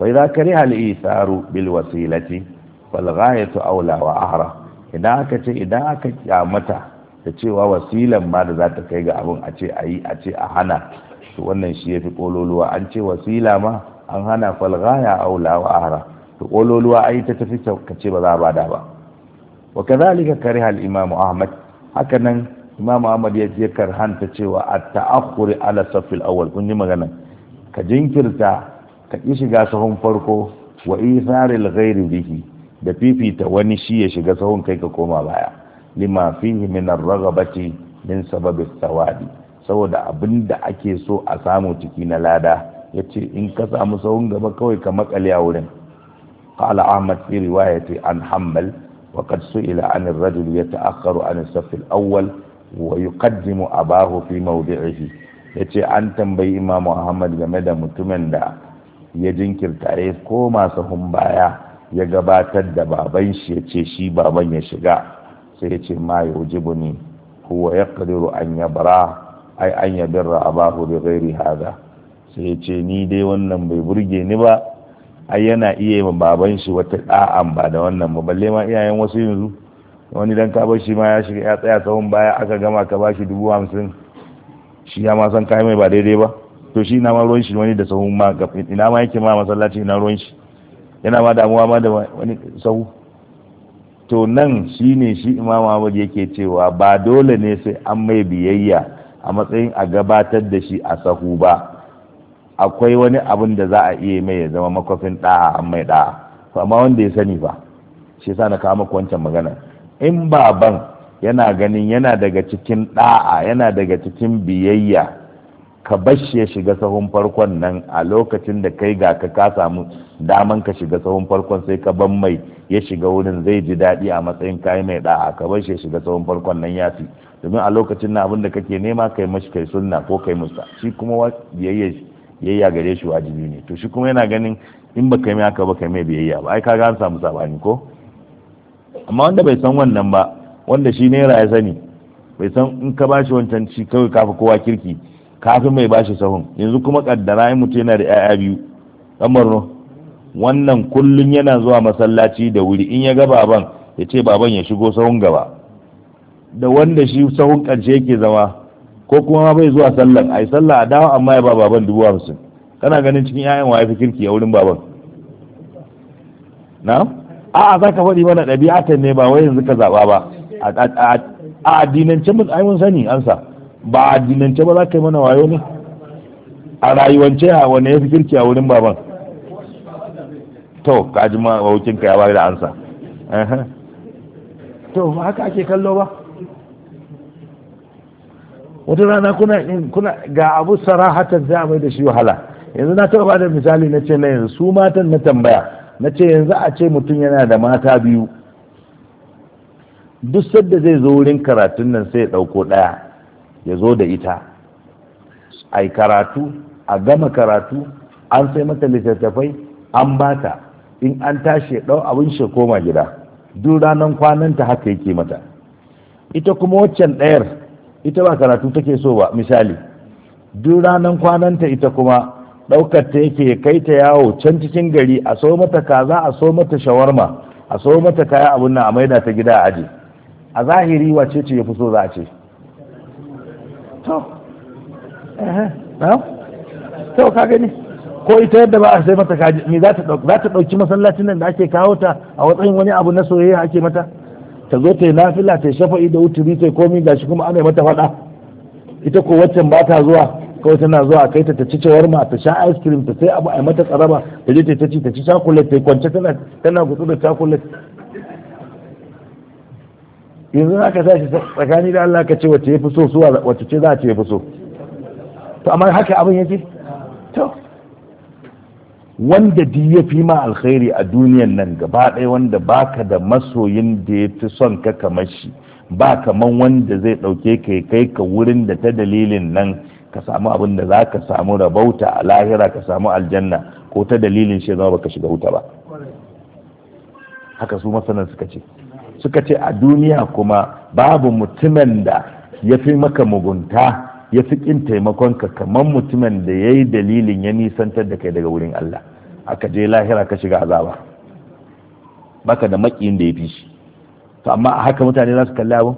Wai za ka al-isaru bil wasilati wal ghayatu aula wa ahra idan aka ce idan aka kyamata da cewa wasilan ma da za ta kai ga abun a ce a yi a ce a hana to wannan shi yafi kololuwa an ce wasila ma an hana fal ghaya aula wa ahra to kololuwa ai ta tafi ka ce ba za a bada ba wa kadhalika kariha al-imam ahmad Haka nan. imamu ahmad ya je karhanta cewa a ta'akhuri ala safil awwal kun ji magana ka jinkirta ka ki shiga sahun farko wa isaril ghairi bihi da fifita wani shi ya shiga sahun kai ka koma baya lima fihi min ar-raghabati min sababi sawabi saboda abin da ake so a samu ciki na lada yace in ka samu sahun gaba kawai ka makale a wurin qala ahmad fi riwayati an hammal وقد سئل عن الرجل يتأخر عن الصف الأول wa yuqaddimu abahu fi mawdi'ihi yace an tambayi Imam ahmad game da mutumin da ya jinkirta ya masu sahun baya ya gabatar da baban shi yace shi baban ya shiga sai yace ma ni huwa yaqdiru an yabra ai an yabra abahu bi ghairi hada sai yace ni dai wannan bai burge ni ba ai yana iya yi baban shi wata da'an ba da wannan ba balle ma iyayen wasu yanzu wani dan ka shi ma ya shiga ya tsaya tsawon baya aka gama ka bashi dubu hamsin shi ya ma san kayan mai ba daidai ba to shi ina ma ruwan shi wani da sahun ma ina ma yake ma masallaci ina ruwan shi yana ma damuwa ma da wani sahu to nan shi ne shi imam Ahmad yake cewa ba dole ne sai an mai biyayya a matsayin a gabatar da shi a sahu ba akwai wani abin da za a iya mai ya zama makwafin da'a an mai da'a amma wanda ya sani ba shi sa na kawo maka wancan magana in baban yana ganin yana daga cikin da'a yana daga cikin biyayya ka bashi ya shiga sahun farkon nan a lokacin da kai ga ka ka samu daman ka shiga sahun farkon sai ka ban mai ya shiga wurin zai ji daɗi a matsayin kayi mai da'a ka bashi ya shiga sahun farkon nan ya fi domin a lokacin na abin da kake nema kai mashi kai sunna ko kai musa shi kuma biyayya gare shi wajibi ne to shi kuma yana ganin in ba kai mai haka ba kai mai biyayya ba ai ka ga an samu sabani ko amma wanda bai san wannan ba wanda shi naira ya sani bai san in ka ba shi wancan ci kawai kafa kowa kirki kafin mai ba shi sahun yanzu kuma kaddara ya mutu yana da 'ya'ya biyu ɗan barno wannan kullum yana zuwa masallaci da wuri in ya ga baban ya ce baban ya shigo sahun gaba da wanda shi sahun ƙarshe yake zama ko kuma bai zuwa sallan ai sallah a dawo amma ya ba baban dubu hamsin kana ganin cikin 'ya'yan wa ya fi kirki a wurin baban na'am a'a za ka faɗi mana ɗabi'atan ne ba wai yanzu ka zaɓa ba a addinance mu ai mun sani ansa ba a addinance ba za ka yi mana wayo ne a rayuwance a wanne ya fi kirki a wurin baban to ka ji ma ka ya bayar da ansa to ba haka ake kallo ba wata rana kuna kuna ga abu sarahatan za a mai da shi wahala yanzu na taɓa ba da misali na ce na yanzu su matan na tambaya na ce yanzu a ce mutum yana da mata biyu duk sadda zai zo wurin karatun nan sai ya ɗauko ɗaya ya zo da ita a karatu a gama karatu an sai mata littattafai an bata in an tashi ɗau abin shi koma gida duk ranar kwananta haka yake mata ita kuma waccan ɗayar ita ba karatu take so ba misali duk ranar kwananta ita kuma ɗaukar ta yake kai ta yawo can cikin gari a so mata kaza a so mata shawarma a so mata kaya abun nan a maida ta gida a aje a zahiri wace ce ya fi so za a ce to eh, to ka gani ko ita yadda ba a sai mata kaji me za ta ɗauki masallacin nan da ake kawo ta a watsayin wani abu na soyayya ake mata ta zo ta yi nafila ta shafa'i da wuturi ta komi gashi kuma ana mata faɗa ita ko waccan ba ta zuwa kawai tana zuwa kai ta ci ma ta sha ice cream ta sai abu a mata tsaraba ta je ta ci ta ci chocolate ta kwance tana tana gutsu da chocolate yanzu za shi tsakani da Allah ka ce wacce ya fi so suwa wacce ce za a ce ya fi so to amma haka abin yake to wanda di ya fi ma alkhairi a duniyan nan gaba ɗaya wanda baka da masoyin da ya fi son ka kamar shi ba kaman wanda zai ɗauke ka kai ka wurin da ta dalilin nan ka samu abin da za ka samu rabauta a lahira ka samu aljanna ko ta dalilin shi zama baka shiga wuta ba haka su masanan suka ce suka ce a duniya kuma babu mutumin da ya fi maka mugunta ya fi kin taimakon ka kamar mutumin da ya yi dalilin ya nisantar da kai daga wurin Allah aka je lahira ka shiga azaba baka da makiyin da ya fi shi to amma haka mutane za su kalli abin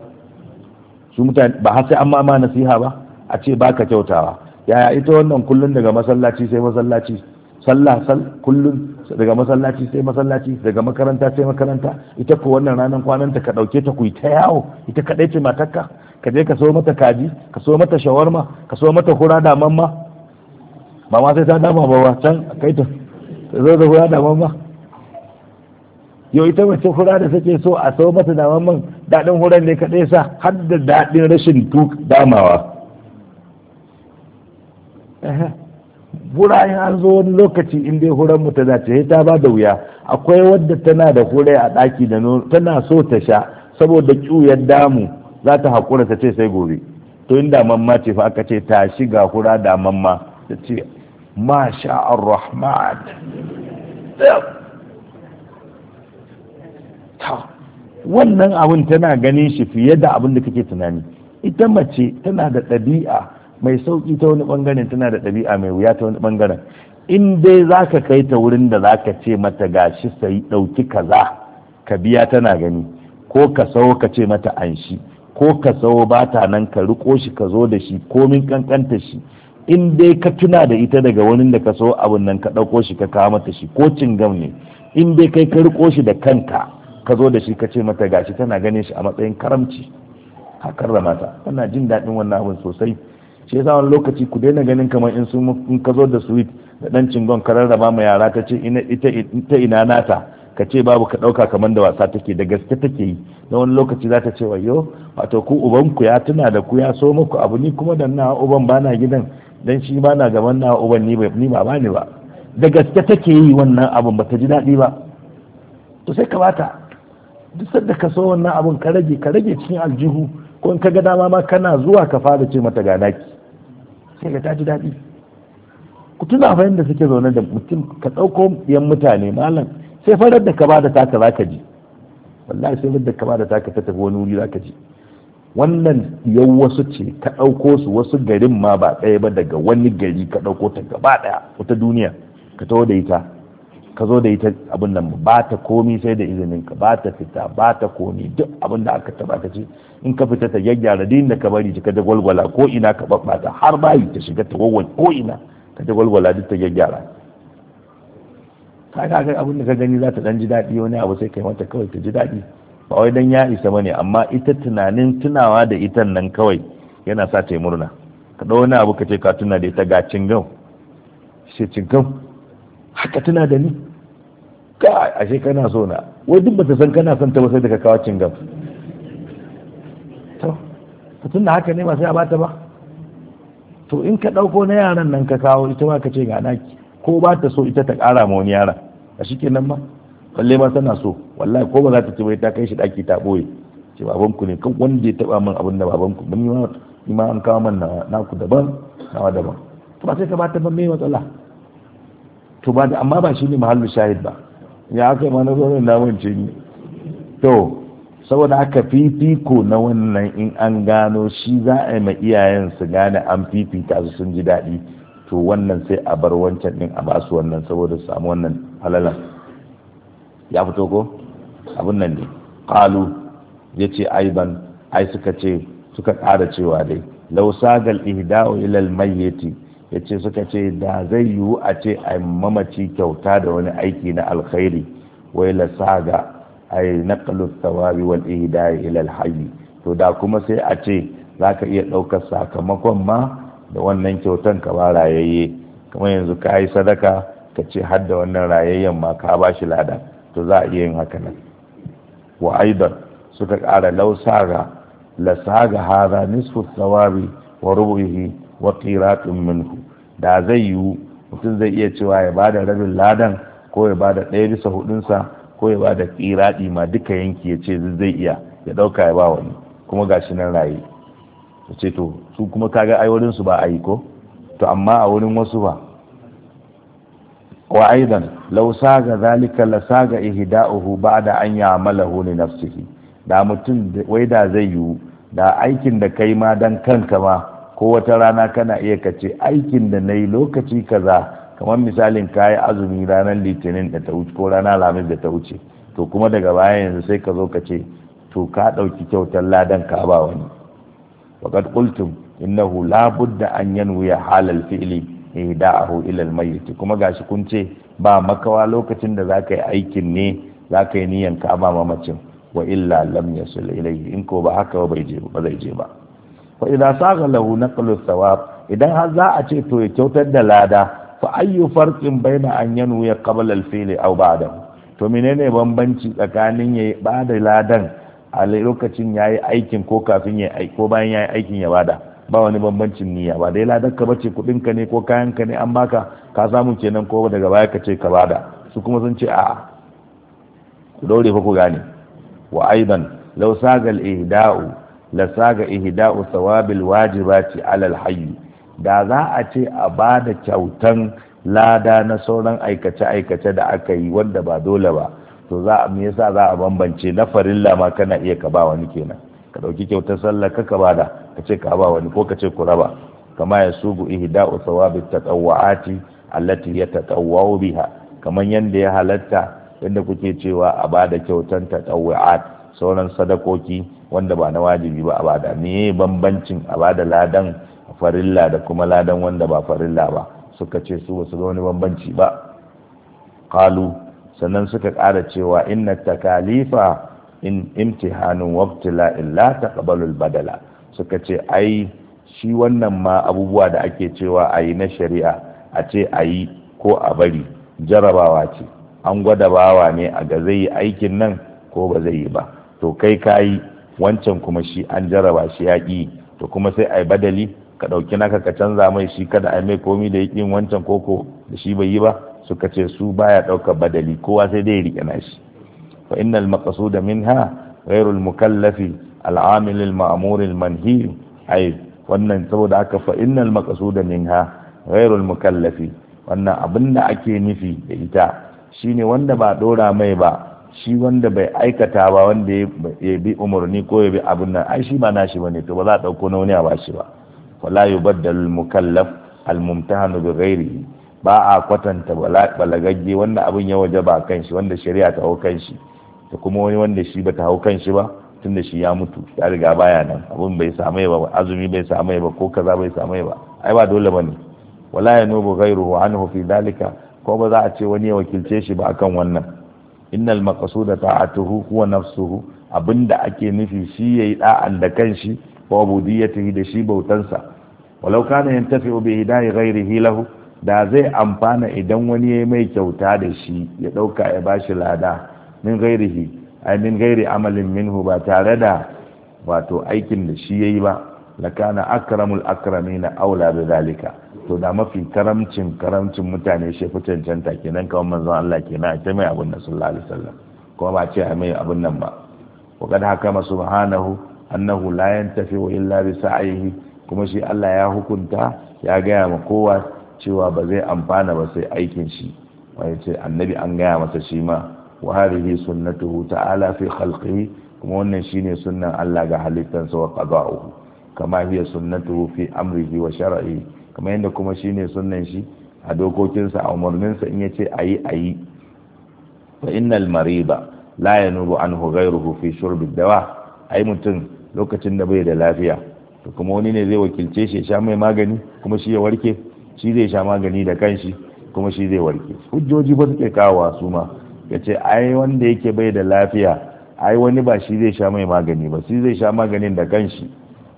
su mutane ba har sai an ma nasiha ba a ce baka kyautawa yaya ita wannan kullum daga masallaci sai masallaci sallah sal kullum daga masallaci sai masallaci daga makaranta sai makaranta ita ko wannan ranar ta ka dauke ta kuyi ta yawo ita kadai ce matakka ka je ka so mata kaji ka so mata shawarma ka so mata hura da mamma ba ma sai ta dama ba ba can kai ta zo da hura da mamma yau ita mace hura da sake so a so mata da mamman dadin huran ne kadai sa har da dadin rashin damawa hura in an zo wani lokaci in dai huran mu ta sai ta ba da wuya akwai wadda tana da hure a ɗaki da nono tana so ta sha saboda ƙuyar damu za ta haƙura ta ce sai gobe to inda mamma ce fa aka ce ta shiga hura da mamma ta ce masha wannan abin tana ganin shi fiye da abin da kake tunani ita mace tana da ɗabi'a mai sauki ta wani bangaren tana da ɗabi'a mai wuya ta wani bangaren in dai za ka kai ta wurin da za ka ce mata gashi sai ɗauki kaza ka biya tana gani ko ka sawo ka ce mata anshi, ko ka sawo ba ta nan ka riko shi ka zo da shi komin kankanta shi in dai ka tuna da ita daga wani da ka so abun nan ka ɗauko shi ka kawo mata shi ko cingam ne in dai kai ka riko shi da kanka ka zo da shi ka ce mata gashi tana ganin shi a matsayin karamci hakar da mata tana jin daɗin wannan abin sosai shi yasa wani lokaci ku daina ganin kamar in sun in ka zo da sweet da dan cingon ka rarraba ma yara ta ce ina ita ita ina nata ka ce babu ka dauka kamar da wasa take da gaske take yi na wani lokaci za ta ce wayo wato ku uban ku ya tuna da ku ya so muku abu ni kuma da na uban bana gidan dan shi bana gaban na uban ni ba ni ba bani ba da gaske take yi wannan abun ba ta ji daɗi ba to sai ka bata duk sanda ka so wannan abun ka rage ka rage cikin aljihu ko in ka ga dama ma kana zuwa ka fara ce mata ga naki sai ka tafi daɗi ku tuna fa suke zaune da mutum ka ɗauko yan mutane malam sai farar da ka bada taka za ka ji wallahi sai farar da ka bada taka ka tafi wani wuri za ka ji wannan yau wasu ce ka ɗauko su wasu garin ma ba ɗaya ba daga wani gari ka ɗauko ta gaba ɗaya wata duniya ka taho da ita ka zo da ita abin nan ba ta komi sai da izinin ka ba ta fita ba ta komi duk abin da aka taba ka ce in ka fita ta gyaggyara din da ka bari ka da gwalgwala ko ina ka babbata har bayi ta shiga ta wawan ko ina ka ta gwalgwala duk ta gyaggyara kaga ga abin da ka gani za ta dan ji daɗi wani abu sai kai mata kawai ta ji daɗi ba wai dan ya isa bane amma ita tunanin tunawa da ita nan kawai yana sa ta yi murna ka ɗau wani abu ka ce ka tuna da ita ga cingam shi cingam haka tana da ni ka ashe kana so na wai duk bata san kana son ta ba sai daga kawo cingam to tun da haka ne ba sai a bata ba to in ka dauko na yaran nan ka kawo ita ma ka ce ga naki ko ba ta so ita ta kara ma wani yaran a shi nan ba balle ma tana so wallahi ko ba za ta ce bai ta kai shi daki ta ɓoye ce ku ne kan wanda ya taɓa min abin da babanku ba ni ma an kawo man na ku daban nawa daban to ba sai ka bata ban mai matsala to ba da amma ba shi ne mahallu shahid ba ya aka ma na zo na wance ni to saboda aka fifiko na wannan in an gano shi za a yi ma iyayen su gane an fifita su sun ji daɗi to wannan sai a bar wancan din a ba su wannan saboda su samu wannan halalan ya fito ko abin nan ne qalu ya ce aiban ai suka ce suka ƙara cewa dai lausagal ihda'u ilal mayyiti ya ce suka ce da zai yiwu a ce a mamaci kyauta da wani aiki na alkhairi wai la saga ay naqlu thawabi wal ihda'i ila al to da kuma sai a ce zaka iya daukar sakamakon ma da wannan kyautan ka ba rayayye kamar yanzu ka yi sadaka ka ce har da wannan rayayyen ma ka ba shi lada to za a iya yin haka nan wa aidan suka ƙara lausaga la saga hada nisfu thawabi wa rubuhi wa qiratun minhu da zai yiwu mutum zai iya cewa ya bada rabin ladan ko ya bada ɗaya bisa hudunsa ko ya bada qiradi ma duka yanki ya ce zai iya ya dauka ya ba wani kuma gashi nan raye ya ce to su kuma kaga ai wurin su ba ayi ko to amma a wurin wasu ba wa aidan law saga zalika la saga ihda'uhu ba'da an ya'malahu li nafsihi da mutum wai da zai yiwu da aikin da kai ma dan kanka ma ko wata rana kana iya kace aikin da na yi lokaci kaza kamar misalin kayi azumi ranar litinin da ta wuce ko ranar lamis da ta wuce to kuma daga baya yanzu sai ka zo ka ce to ka ɗauki kyautar ladan ka ba wani faqad qultum innahu la da an wuya, halal fi'li ihda'ahu ila ilal mayyit kuma gashi kun ce ba makawa lokacin da za ka yi aikin ne za ka yi niyan ka ba mamacin wa illa lam yasul ilayhi in ko ba haka ba zai je ba fa idan saga lahu naqlu thawab idan har za a ce to ya kyautar da lada fa ayyu farqin baina an yanu ya qabla al-fi'l aw ba'da to menene bambanci tsakanin ya bada ladan a lokacin yayi aikin ko kafin ya ko bayan yayi aikin ya bada ba wani bambancin niyya ba dai ladar ka bace kudin ka ne ko kayan ka ne an baka ka samu kenan ko daga baya ka ce ka bada su kuma sun ce a ku daure fa ku gane wa aidan law sagal ihda'u la saga ihda'u sawabil wajibati alal hayy da za a ce a bada kyautan lada na sauran aikace aikace da aka yi wanda ba dole ba to za me yasa za a bambance na farilla ma kana iya ka ba wani kenan ka dauki kyautar sallah ka ka bada ka ce ka ba wani ko ka ce ku raba kama ya sugu ihda'u thawabit tatawwa'ati allati yatatawwa'u biha kaman yanda ya halatta yadda kuke cewa a bada kyautan tatawwa'at sauran sadakoki wanda ba na wajibi ba a bada me bambancin abada ladan farilla da kuma ladan wanda ba farilla ba suka ce su basu ga wani bambanci ba Kalu, sannan suka ƙara cewa inna takalifa in imtihanun wabtila illa kabalul badala suka ce ai shi wannan ma abubuwa da ake cewa ayi na shari'a a ce ayi ko a bari jarabawa ce an gwada bawa ne a ga zai yi aikin nan ko ba zai yi ba to kai kayi wancan kuma shi an jaraba shi ya ƙi to kuma sai a yi badali ka ɗauki naka ka canza mai shi kada a mai komi da yakin wancan koko da shi bai yi ba suka ce su baya ɗaukar badali kowa sai dai riƙe nashi fa innal da minha ghairu al mukallafi al amil al ma'mur al manhi ai wannan saboda haka fa innal da minha ghairu mukallafi wannan abinda ake nufi da ita shine wanda ba dora mai ba shi wanda bai aikata ba wanda ya bi umarni ko ya bi abin nan ai shi ba nashi bane to ba za a dauko na wani a bashi ba wala yubaddal mukallaf al mumtahanu bi ghairihi ba a kwatanta balagagge wanda abin ya waje ba kan shi wanda shari'a ta hau kanshi? shi kuma wani wanda shi ba ta hau kanshi ba tunda shi ya mutu ya riga baya nan abin bai samu ba azumi bai samu ba ko kaza bai samu ba ai ba dole bane wala yanubu ghairuhu anhu fi dalika ko ba za a ce wani ya wakilce shi ba akan wannan innal maqsuda ta'atuhu huwa nafsuhu abinda ake nufi shi yayi da'an da kanshi wa ubudiyatihi da shi bautansa walau kana yantafi'u bi hidayati ghairihi lahu da zai amfana idan wani yayi mai kyauta da shi ya dauka ya bashi lada min ghairihi ay min ghairi amalin minhu ba tare da wato aikin da shi yayi ba lakana akramul akramina aula bi dalika. to da mafi karamcin karamcin mutane shi fi cancanta kenan kawai manzon Allah kenan a ta mai abun nan sallallahu alaihi wasallam kuma ba ce a mai abun nan ba wa kad hakama subhanahu annahu la yantafi illa bi sa'ihi kuma shi Allah ya hukunta ya gaya ma kowa cewa ba zai amfana ba sai aikin shi wani ce annabi an gaya masa shi ma wa hadhihi sunnatuhu ta'ala fi khalqihi kuma wannan shine sunnan Allah ga halittansa wa qada'uhu kama hiya sunnatuhu fi amrihi wa shar'ihi kamar yadda kuma shi ne sunnan shi a dokokinsa a umarninsa in ya ce a yi a yi ba ba innal ba la yanubu an ghayruhu fi shurbi dawa ai mutum lokacin da bai da lafiya to kuma wani ne zai wakilce shi ya sha mai magani kuma shi ya warke shi zai sha magani da kanshi kuma shi zai warke hujjoji ba suke kawowa su ma ya ce ai wanda yake bai da lafiya ai wani ba shi zai sha mai magani ba shi zai sha maganin da kanshi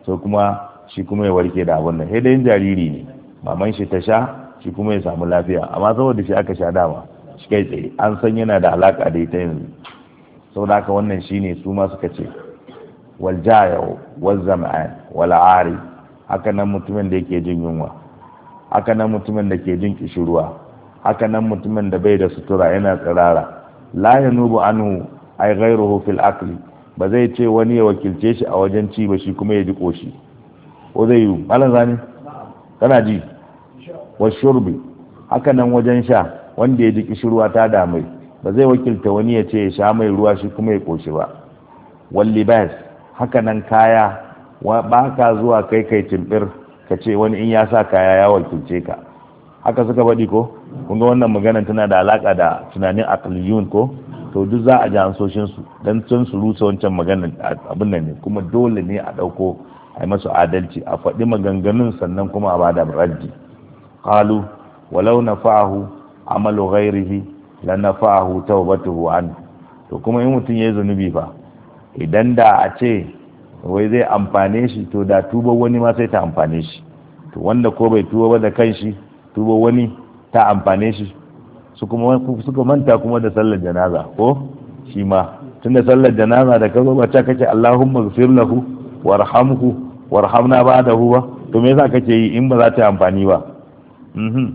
to kuma shi kuma ya warke da abin nan sai jariri ne maman shi ta sha shi kuma ya samu lafiya amma saboda shi aka sha dama shi kai tsaye an san yana da alaka da ita yanzu saboda haka wannan shine su ma suka ce wal jaya wal zama'an wal ari haka nan mutumin da yake jin yunwa haka nan mutumin da ke jin kishiruwa haka nan mutumin da bai da sutura yana tsirara la yanubu anhu ay ghayruhu fil akli ba zai ce wani ya wakilce shi a wajen ci ba shi kuma ya ji koshi ko zai yi malam zani kana ji wa shurbi haka nan wajen sha wanda ya ji kishirwa ta damai ba zai wakilta wani ya ce ya sha mai ruwa shi kuma ya koshi ba walli bas haka nan kaya ba ka zuwa kai kai timbir ka ce wani in ya sa kaya ya wakilce ka haka suka baɗi ko kun ga wannan magana tana da alaƙa da tunanin aqliyun ko to duk za a ji ansoshin su dan sun su rusa wancan maganar abin nan ne kuma dole ne a ɗauko a yi masu adalci a faɗi maganganun sannan kuma a bada raddi qalu walau nafa'ahu amalu ghairihi la nafa'ahu tawbatuhu an to kuma in mutum yayi zunubi fa idan da a ce wai zai amfane shi to da tuba wani ma sai ta amfane shi to wanda ko bai tuba ba da kanshi tuba wani ta amfane shi su kuma suka manta kuma da sallar janaza ko shi ma tunda sallar janaza da ka zo ba ta kace Allahumma ghfir lahu warhamhu warhamna ba da ruwa to me yasa kake yi in ba za ta yi amfani ba mhm.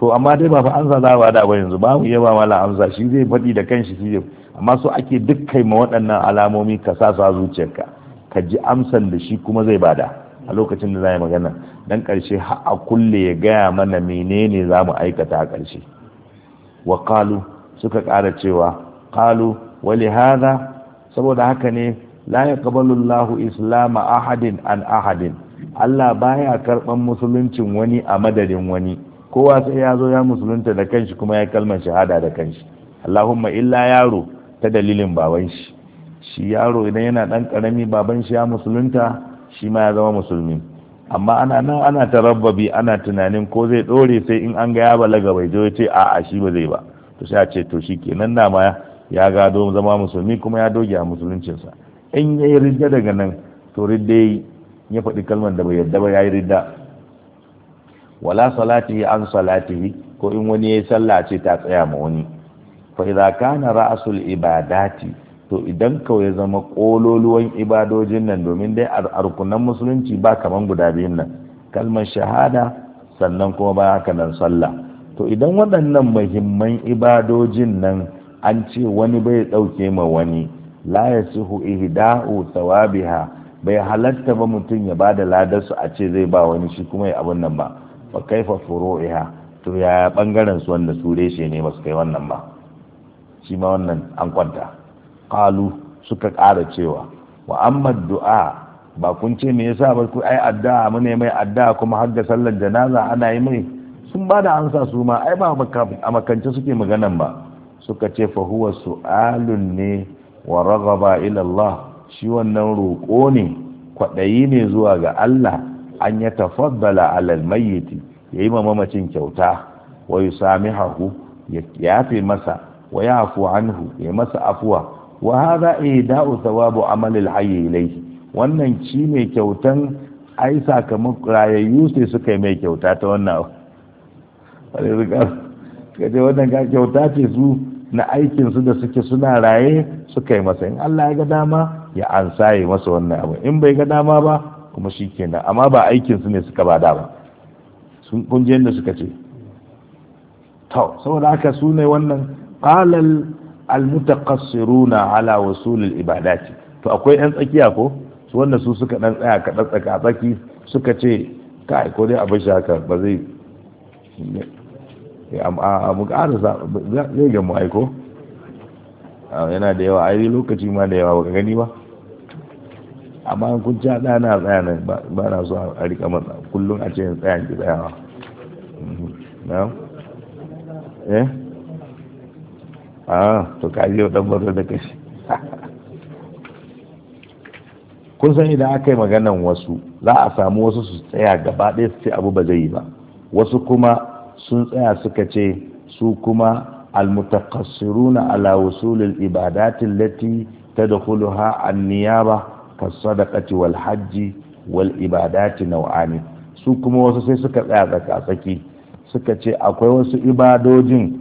to amma dai ba fa an za ba da ba yanzu babu yaba mala amsa shi zai faɗi da kanshi shi amma so ake duk kai ma waɗannan alamomi ka sa sa zuciyarka ka ji amsan da shi kuma zai bada a lokacin da za yi magana dan ƙarshe har a kulle ya gaya mana menene za mu aikata a ƙarshe wa suka ƙara cewa kalu wali hada saboda haka ne la yaqbalu Allahu islama ahadin an ahadin Allah baya karban musuluncin wani a madadin wani kowa sai ya zo ya musulunta da kanshi kuma ya kalmar shahada da kanshi Allahumma illa yaro ta dalilin baban shi shi yaro idan yana dan karami baban shi ya musulunta shi ma ya zama musulmi amma ana nan ana tarabbabi ana tunanin ko zai dore sai in an ga ya balaga bai zo ya a a'a shi ba zai ba to sai a ce to shikenan ma ya gado zama musulmi kuma ya doge a musuluncinsa in ya yi ridda daga nan to ridda yi ya faɗi kalmar da bai yarda ba ya yi ridda wala salati an salatihi ko in wani ya yi sallah ce ta tsaya ma wani fa idza kana ra'sul ibadati to idan kawai ya zama kololuwan ibadojin nan domin dai arkunan musulunci ba kamar guda biyun nan kalmar shahada sannan kuma ba haka nan sallah to idan waɗannan muhimman ibadojin nan an ce wani bai ɗauke ma wani la yasihu ihda'u thawabiha bai halatta ba mutum ya ba da ladarsu a ce zai ba wani shi kuma ya abun nan ba fa kaifa furu'iha to ya bangaren su wanda su reshe ne ba su kai wannan ba shi ma wannan an kwanta qalu suka ƙara cewa wa amma du'a ba kun ce me yasa ba ku ai addu'a mu ne mai addu'a kuma har da sallar janaza ana yi mai sun ba da ansa su ma ai ba a makance suke maganan ba suka ce fa huwa su'alun ne wa ragaba ila Allah shi wannan roƙo ne kwaɗayi ne zuwa ga Allah an ya tafaddala alal mayyiti yayi ma mamacin kyauta wa yusamihahu ya yafe masa wa yafu anhu ya masa afwa wa hadha ida'u thawabu amali alhayy ilayhi wannan shi ne kyautan ai sakamakon rayayyu sai suka yi mai kyauta ta wannan wannan ka kyauta ce su na aikinsu da suke suna raye suka yi masa in Allah ya ga dama ya ansa ya masa wannan abu in bai ga dama ba kuma shi kenan amma ba aikinsu ne suka ba ba sun kunje da suka ce to saboda haka su ne wannan qalal almutaqassiruna ala wasul ibadati to akwai yan tsakiya ko su wanda su suka dan tsaya ka tsaka tsaki suka ce kai ko dai abin shi haka ba zai a mu zai ga aiko yana da yawa ai lokaci ma da yawa ba gani ba amma kun ci haɗa na tsaya nan ba na so a riƙa masa kullum a cikin yin tsayan ki tsayawa mhm. na eh ah to ka yi dan bazo da kashi [LAUGHS] kun san idan aka yi maganan wasu za a samu wasu su tsaya gaba ɗaya su ce abu ba zai yi ba wasu kuma sun tsaya suka ce su kuma almutaqassiruna ala wusulil ibadati ta da an-niyaba kas-sadaqati wal hajji wal ibadati naw'ani su kuma wasu sai suka tsaya tsaka tsaki suka ce akwai wasu ibadojin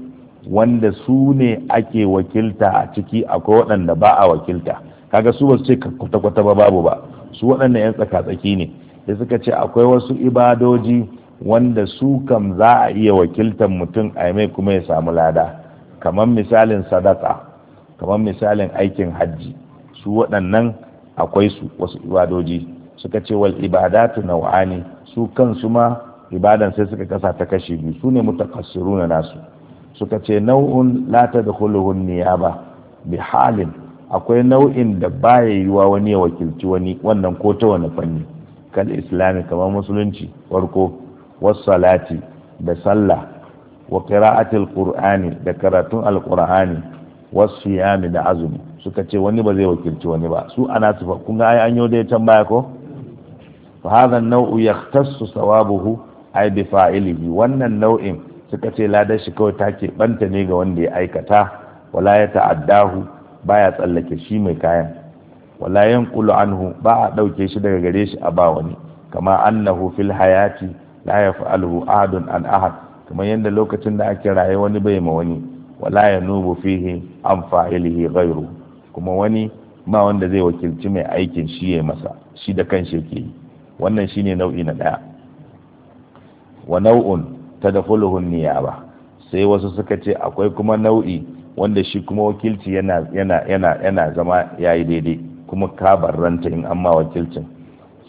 wanda su ne ake wakilta a ciki akwai waɗanda ba a wakilta kaga su ba su ce kwata-kwata ba babu ba su waɗanda 'yan tsaka-tsaki ne da suka ce akwai wasu ibadoji wanda su kam za a iya wakiltar mutum a mai kuma ya samu lada kamar misalin sadaka kamar misalin aikin hajji su waɗannan akwai su wasu ibadoji suka ce wal ibadatu nau'ani su kansu ma ibadan sai suka kasa ta kashi biyu su ne na nasu suka ce nau'un la tadkhuluhu niyaba bi halin akwai nau'in da baya yiwa wani ya wakilci wani wannan ko ta wani fanni kal islami kamar musulunci farko salati da sallah wa qira'atil qur'ani da karatun alqur'ani wasiyami da azumi suka ce wani ba zai wakilci wani ba su ana tufa kun ga an yo dai can baya ko fa hadha an-naw'u yahtassu sawabuhu ay bi fa'ilihi wannan nau'in suka ce ladar shi kawai take banta ne ga wanda ya aikata wala ya ta'addahu baya tsallake shi mai kayan wala yanqulu anhu ba a dauke shi daga gare shi a ba wani kama annahu fil hayati la fa'alhu ahadun an ahad kamar yadda lokacin da ake raye wani bai ma wani wala ya nubu fihi an fa'ilihi ghayru kuma wani ma wanda zai wakilci mai aikin shi ya masa shi da kanshi yake yi wannan shine nau'i na daya wa nau'un tadkhuluhu niyaba sai wasu suka ce akwai kuma nau'i wanda shi kuma wakilci yana yana yana yana zama yayi daidai kuma ka ranta in an ma wakilcin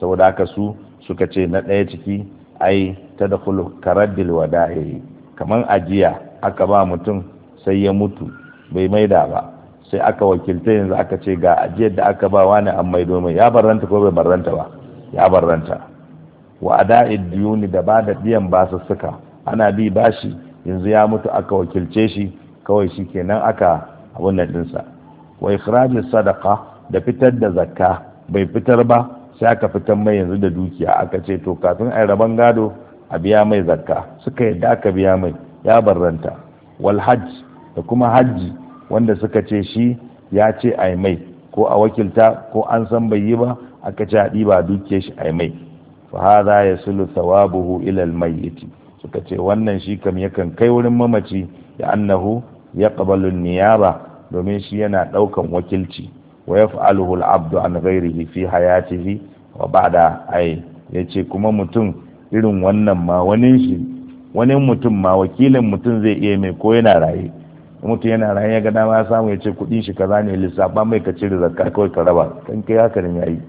saboda haka su suka ce na ɗaya ciki ai ta da karaddil wada'i kamar ajiya aka ba mutum sai ya mutu bai maida ba sai aka wakilta yanzu aka ce ga ajiyar da aka ba wani an maido mai ya barranta ko bai barranta ba ya barranta wa ada'i diyuni da ba da biyan suka? ana bi bashi yanzu ya mutu aka wakilce shi kawai shi kenan aka abun nan dinsa wa ikhrajis sadaqa da fitar da zakka bai fitar ba sai aka fitan mai yanzu da dukiya aka ce to kafin a raban gado a biya mai zakka suka yadda aka biya mai ya barranta wal hajj da kuma hajji wanda suka ce shi ya ce ai mai ko a wakilta ko an san bai yi ba aka ce a ɗiba dukiyar shi ai mai fa hadha yasulu thawabuhu ila al mayyit suka ce wannan shi kam yakan kai wurin mamaci ya annahu ya yaqbalu niyaba domin shi yana ɗaukan wakilci wa yaf'aluhu al-abdu an ghairihi fi hayatihi wa ba'da ay yace kuma mutum irin wannan ma wani shi wani mutum ma wakilin mutum zai iya mai ko yana raye mutum yana raye ya ga dama ya samu ya ce kudin shi kaza ne lissafa mai ka cire zakka kawai ka raba kan kai haka ne yayi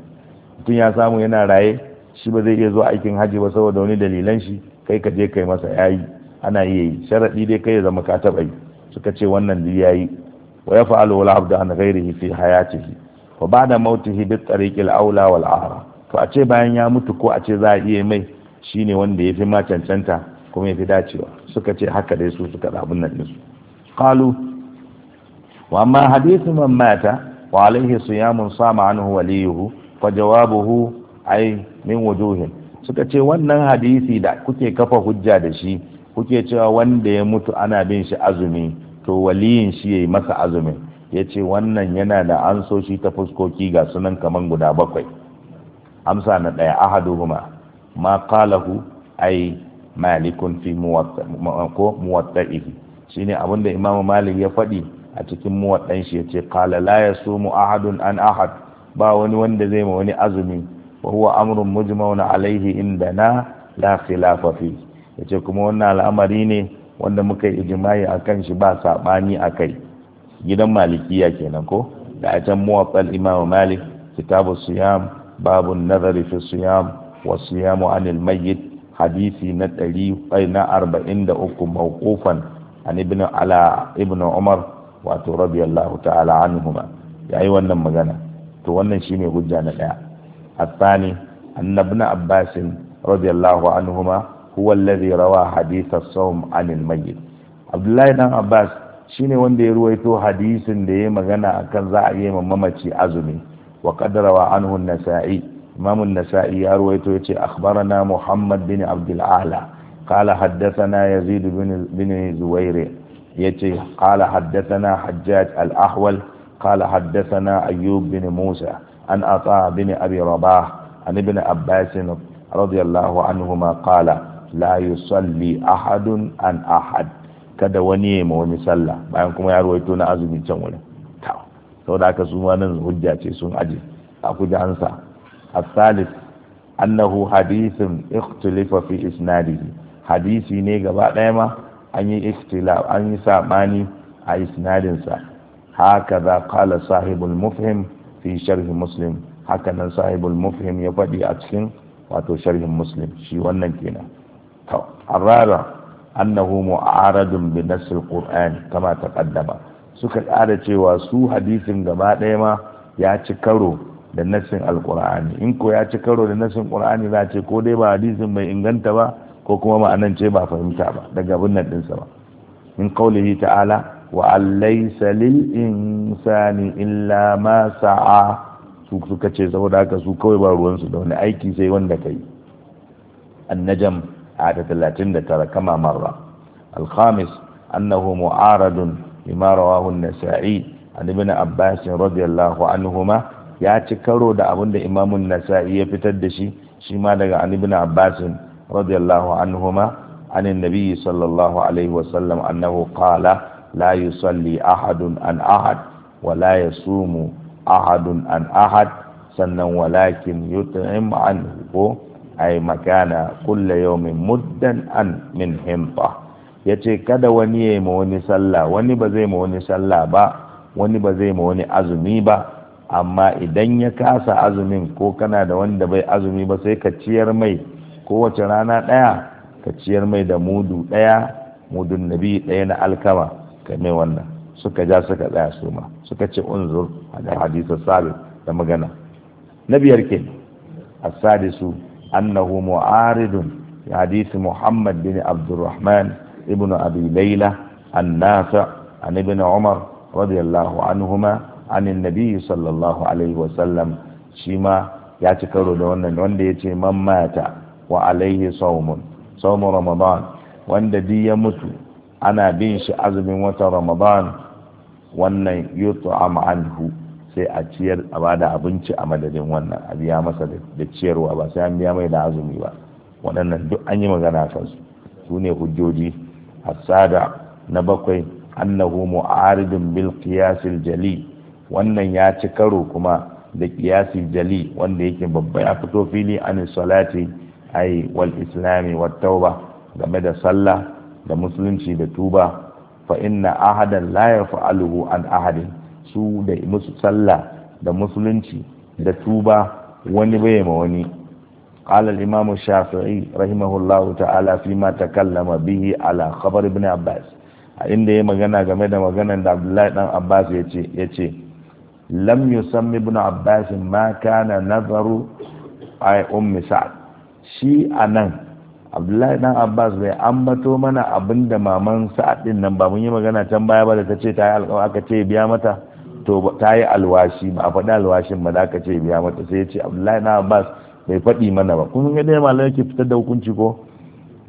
mutum ya samu yana raye shi ba zai iya zuwa aikin haji ba saboda wani dalilan shi kai ka je kai masa yayi ana iya yi sharadi dai kai ya zama ka yi suka ce wannan duk yayi Waya yaf'alu al-abd an ghayrihi fi hayatihi fa ba'da mautihi bi to a ce bayan ya mutu ko a ce za a iya mai shine wanda yafi ma cancanta kuma yafi dacewa suka ce haka dai su suka da abun nan su qalu wa amma hadithu man mata wa alayhi siyamun sama anhu waliyuhu fa jawabuhu ay min wujuhin suka ce wannan hadisi da kuke kafa hujja da shi kuke cewa wanda ya mutu ana bin shi azumi to waliyin shi ya yi masa azumin ya ce wannan yana da ansoshi ta fuskoki ga sunan kamar guda bakwai amsa na ɗaya ahadu ma kalahu ai malikun fi muwatta'ihi shine abin da imamu malik ya faɗi a cikin muwaddan shi ce kala la mu ahadun an ahad ba wani wanda zai ma wani azumi wa huwa amrun mujmauna alaihi na la khilafa fi ce kuma wannan al'amari ne wanda muka yi ijimai a kan shi ba saɓani a kai gidan malikiya kenan ko da a can muwatsal Imam malik kitabu siyam babu nazari fi siyam wa siyamu anil mayyit hadisi na ɗari na arba'in da uku mawqufan an ibn ala ibn umar wato radiyallahu ta'ala anhuma yayi wannan magana to wannan shine hujja na ɗaya الثاني أن ابن abbasin رضي anhuma huwa allazi rawa hadith as-sawm 'an abdullahi dan abbas shine wanda ya ruwaito hadisin da ya yi magana akan za a yi ma mamaci azumi wakadarawa qadara wa anhu nasai imam nasai ya ruwaito yace akhbarana muhammad bin abd al-a'la qala haddathana yazid bin bin zuwayr yace qala haddathana hajjaj al-ahwal qala haddathana ayyub bin musa an ata bin abi rabah an ibn abbas رضي الله عنهما la salli ahadun an ahad kada wani ya ma wani sallah bayan kuma ya ruwaito na azumin can wurin da haka su ma nan hujja ce sun aji. a kuji ansa الثالث annahu hadisin ikhtilafa fi isnadihi hadisi ne gaba ɗaya ma an yi ikhtilaf an yi sabani a isnadinsa haka za qala sahibul mufhim fi sharh muslim haka nan sahibul mufhim ya faɗi a cikin wato sharhin muslim shi wannan kenan to arara annahu mu'aradun bi nasr qur'an kama taqaddama suka ƙara cewa su hadisin gaba ɗaya ma ya ci karo da nassin alqur'ani in ko ya ci karo da nassin qur'ani za ce ko dai ba hadisin mai inganta ba ko kuma ma'anan ce ba fahimta ba daga abin nan ɗinsa ba min qaulihi ta'ala wa alaysa lil insani illa ma sa'a su suka ce saboda haka su kawai ba ruwansu da wani aiki sai wanda kai annajam ayata 39 kama marra al-khamis annahu mu'aradun bima rawahu an-nasa'i an ibn abbas radiyallahu anhuma ya ci karo da abin da imamun nasa'i ya fitar da shi shi ma daga an ibn abbas radiyallahu anhuma an annabi sallallahu alaihi sallam, annahu qala la yusalli ahadun an ahad wa la yasumu ahadun an ahad sannan walakin yut'im anhu ai makana kulla yawmin muddan an min himta yace kada wani yayi ma wani sallah wani ba zai ma wani sallah ba wani ba zai ma wani azumi ba amma idan ya kasa azumin ko kana da wanda bai azumi ba sai ka ciyar mai kowace rana ɗaya ka ciyar mai da mudu ɗaya mudun nabi ɗaya na alkama ka wannan suka ja suka tsaya su ma suka ce unzur da hadisa sabi da magana na biyar ke asadisu annahu mu'aridun hadisi muhammad bin abdurrahman ibn Abilaila, laila an nafi an ibn umar radiyallahu anhuma an annabi sallallahu alaihi wasallam shi ma ya ci da wannan wanda ya ce man mata wa alaihi saumun ramadan wanda duk ya mutu ana bin shi azumin watan ramadan wannan yutu am anhu sai a ciyar a bada abinci a madadin wannan a biya masa da ciyarwa ba sai an biya mai da azumi ba waɗannan duk an yi magana kansu su ne hujjoji asada na bakwai annahu mu'aridun bil qiyasil jali wannan ya ci karo kuma da qiyasi jali wanda yake babba ya fito fili an salati ai wal islami wat tauba game da sallah da musulunci da tuba fa inna ahadan la yaf'aluhu an ahadin su da sallah da musulunci da tuba wani bai ma wani halal imamu shafi'i rahimahullahu ta'ala ta'alafi ma takalla ma biye ala ƙabar bani abbas inda ya magana game da magana da abdulayyat dan abbas ya yace lamni sami bani abbas ma kana nazaru ai on misal shi a nan abdulayyat dan abbas bai ambato mana abinda da maman sa'ad nan ba mun yi magana can baya ba da ta ce ta yi alƙalwa aka ce biya mata. to ta yi alwashi ba a faɗi alwashin ba da ce biya mata sai ya ce abdullahi na abbas bai faɗi mana ba kun ga dai malamai yake fitar da hukunci ko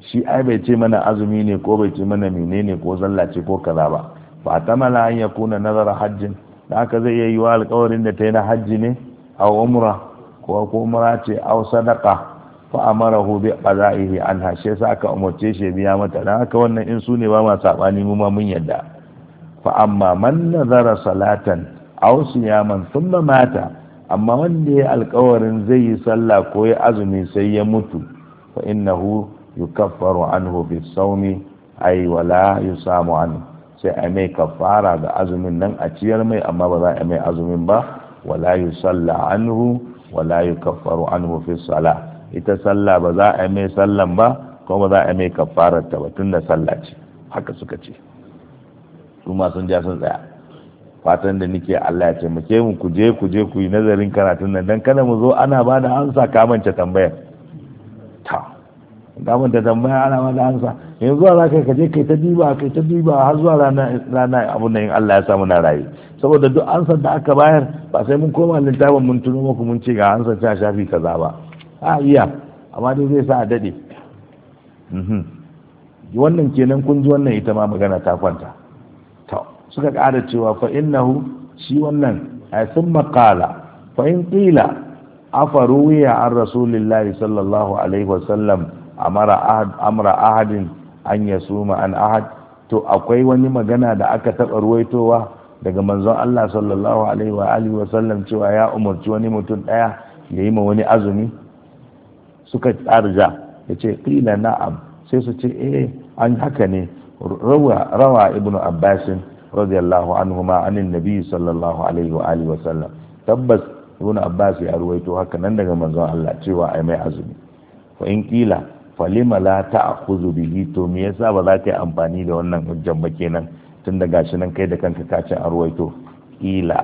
shi ai bai ce mana azumi ne ko bai ce mana menene ko zallace ko kaza ba fa tamala an kuna nazara hajjin da haka zai iya wa alƙawarin da ta yi na hajji ne a umra ko ko umra ce a sadaka fa hu bi qada'ihi anha shi yasa aka umarce shi biya mata dan haka wannan in su ne ba ma sabani mu ma mun yadda fa amma man nazara salatan aw siyaman sun mata amma wanda ya alkawarin zai yi sallah ko ya azumi sai ya mutu fa innahu kafaru anhu bi sawmi ay wala samu anhu sai a mai kafara ga azumin nan a ciyar mai amma ba za a mai azumin ba wala an hu, wala kafaru anhu fi salah ita sallah ba za a mai sallan ba ko ba za a mai kafarar ta ba da sallah ce haka suka ce su ma sun ja sun tsaya fatan da nike Allah ya taimake mu ku je ku je ku yi nazarin karatun nan dan kada mu zo ana ba da ansa kamanta tambayar ta kamanta tambaya ana ba da ansa yanzu za ka kaje kai ta diba kai ta diba har zuwa rana rana abun nan Allah ya samu na rayu saboda duk ansar da aka bayar ba sai mun koma littafin mun tuno muku mun ce ga ansar ta shafi kaza ba a iya amma dai zai sa a dade mhm. wannan kenan kun ji wannan ita ma magana ta kwanta suka ƙara cewa fa innahu shi wannan a sun maƙala fa in ƙila afaru an rasulillahi sallallahu alaihi wasallam amara ahadin an ya suma an ahad to akwai wani magana da aka taɓa ruwaitowa daga manzon Allah sallallahu alaihi wa alihi wasallam cewa ya umarci wani mutum ɗaya ya yi ma wani azumi suka tsarja ya ce ƙila na'am sai su ce eh an haka ne rawa ibnu abbasin radiyallahu anhuma anin nabi sallallahu alaihi wa wa sallam tabbas ibn abbas ya ruwaito haka nan daga manzon Allah cewa ai mai azumi fa in kila falima la ta'khudhu bihi to me yasa ba za ka yi amfani da wannan hujjan ba kenan tunda da gashi nan kai da kanka ka ce a ruwaito kila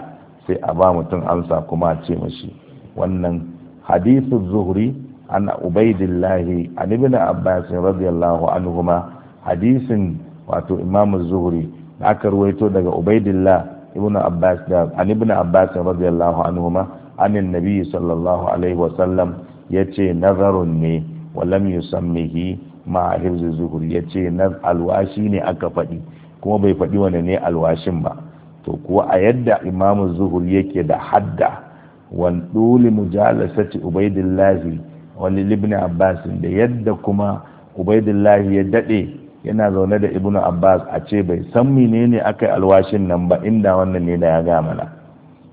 sai a ba mutum amsa kuma a ce mashi wannan hadithu zuhri an Ubaidullahi an ibn abbas radiyallahu anhuma hadisin wato imamu zuhri da aka ruwaito daga ubaidillah ibn abbas da an ibn abbas radiyallahu anhuma an annabi sallallahu alaihi wa sallam yace nazarun ne wa lam yusammihi ma hifz zuhur yace naz alwashi ne aka faɗi kuma bai faɗi wanne ne alwashin ba to kuwa a yadda imam zuhur yake da hadda wan duli mujalasati ubaidillahi wani ibn abbas da yadda kuma ubaidillah ya dade yana zaune da ibnu abbas a ce bai san menene yi alwashin nan ba inda wannan ne da ya ga mana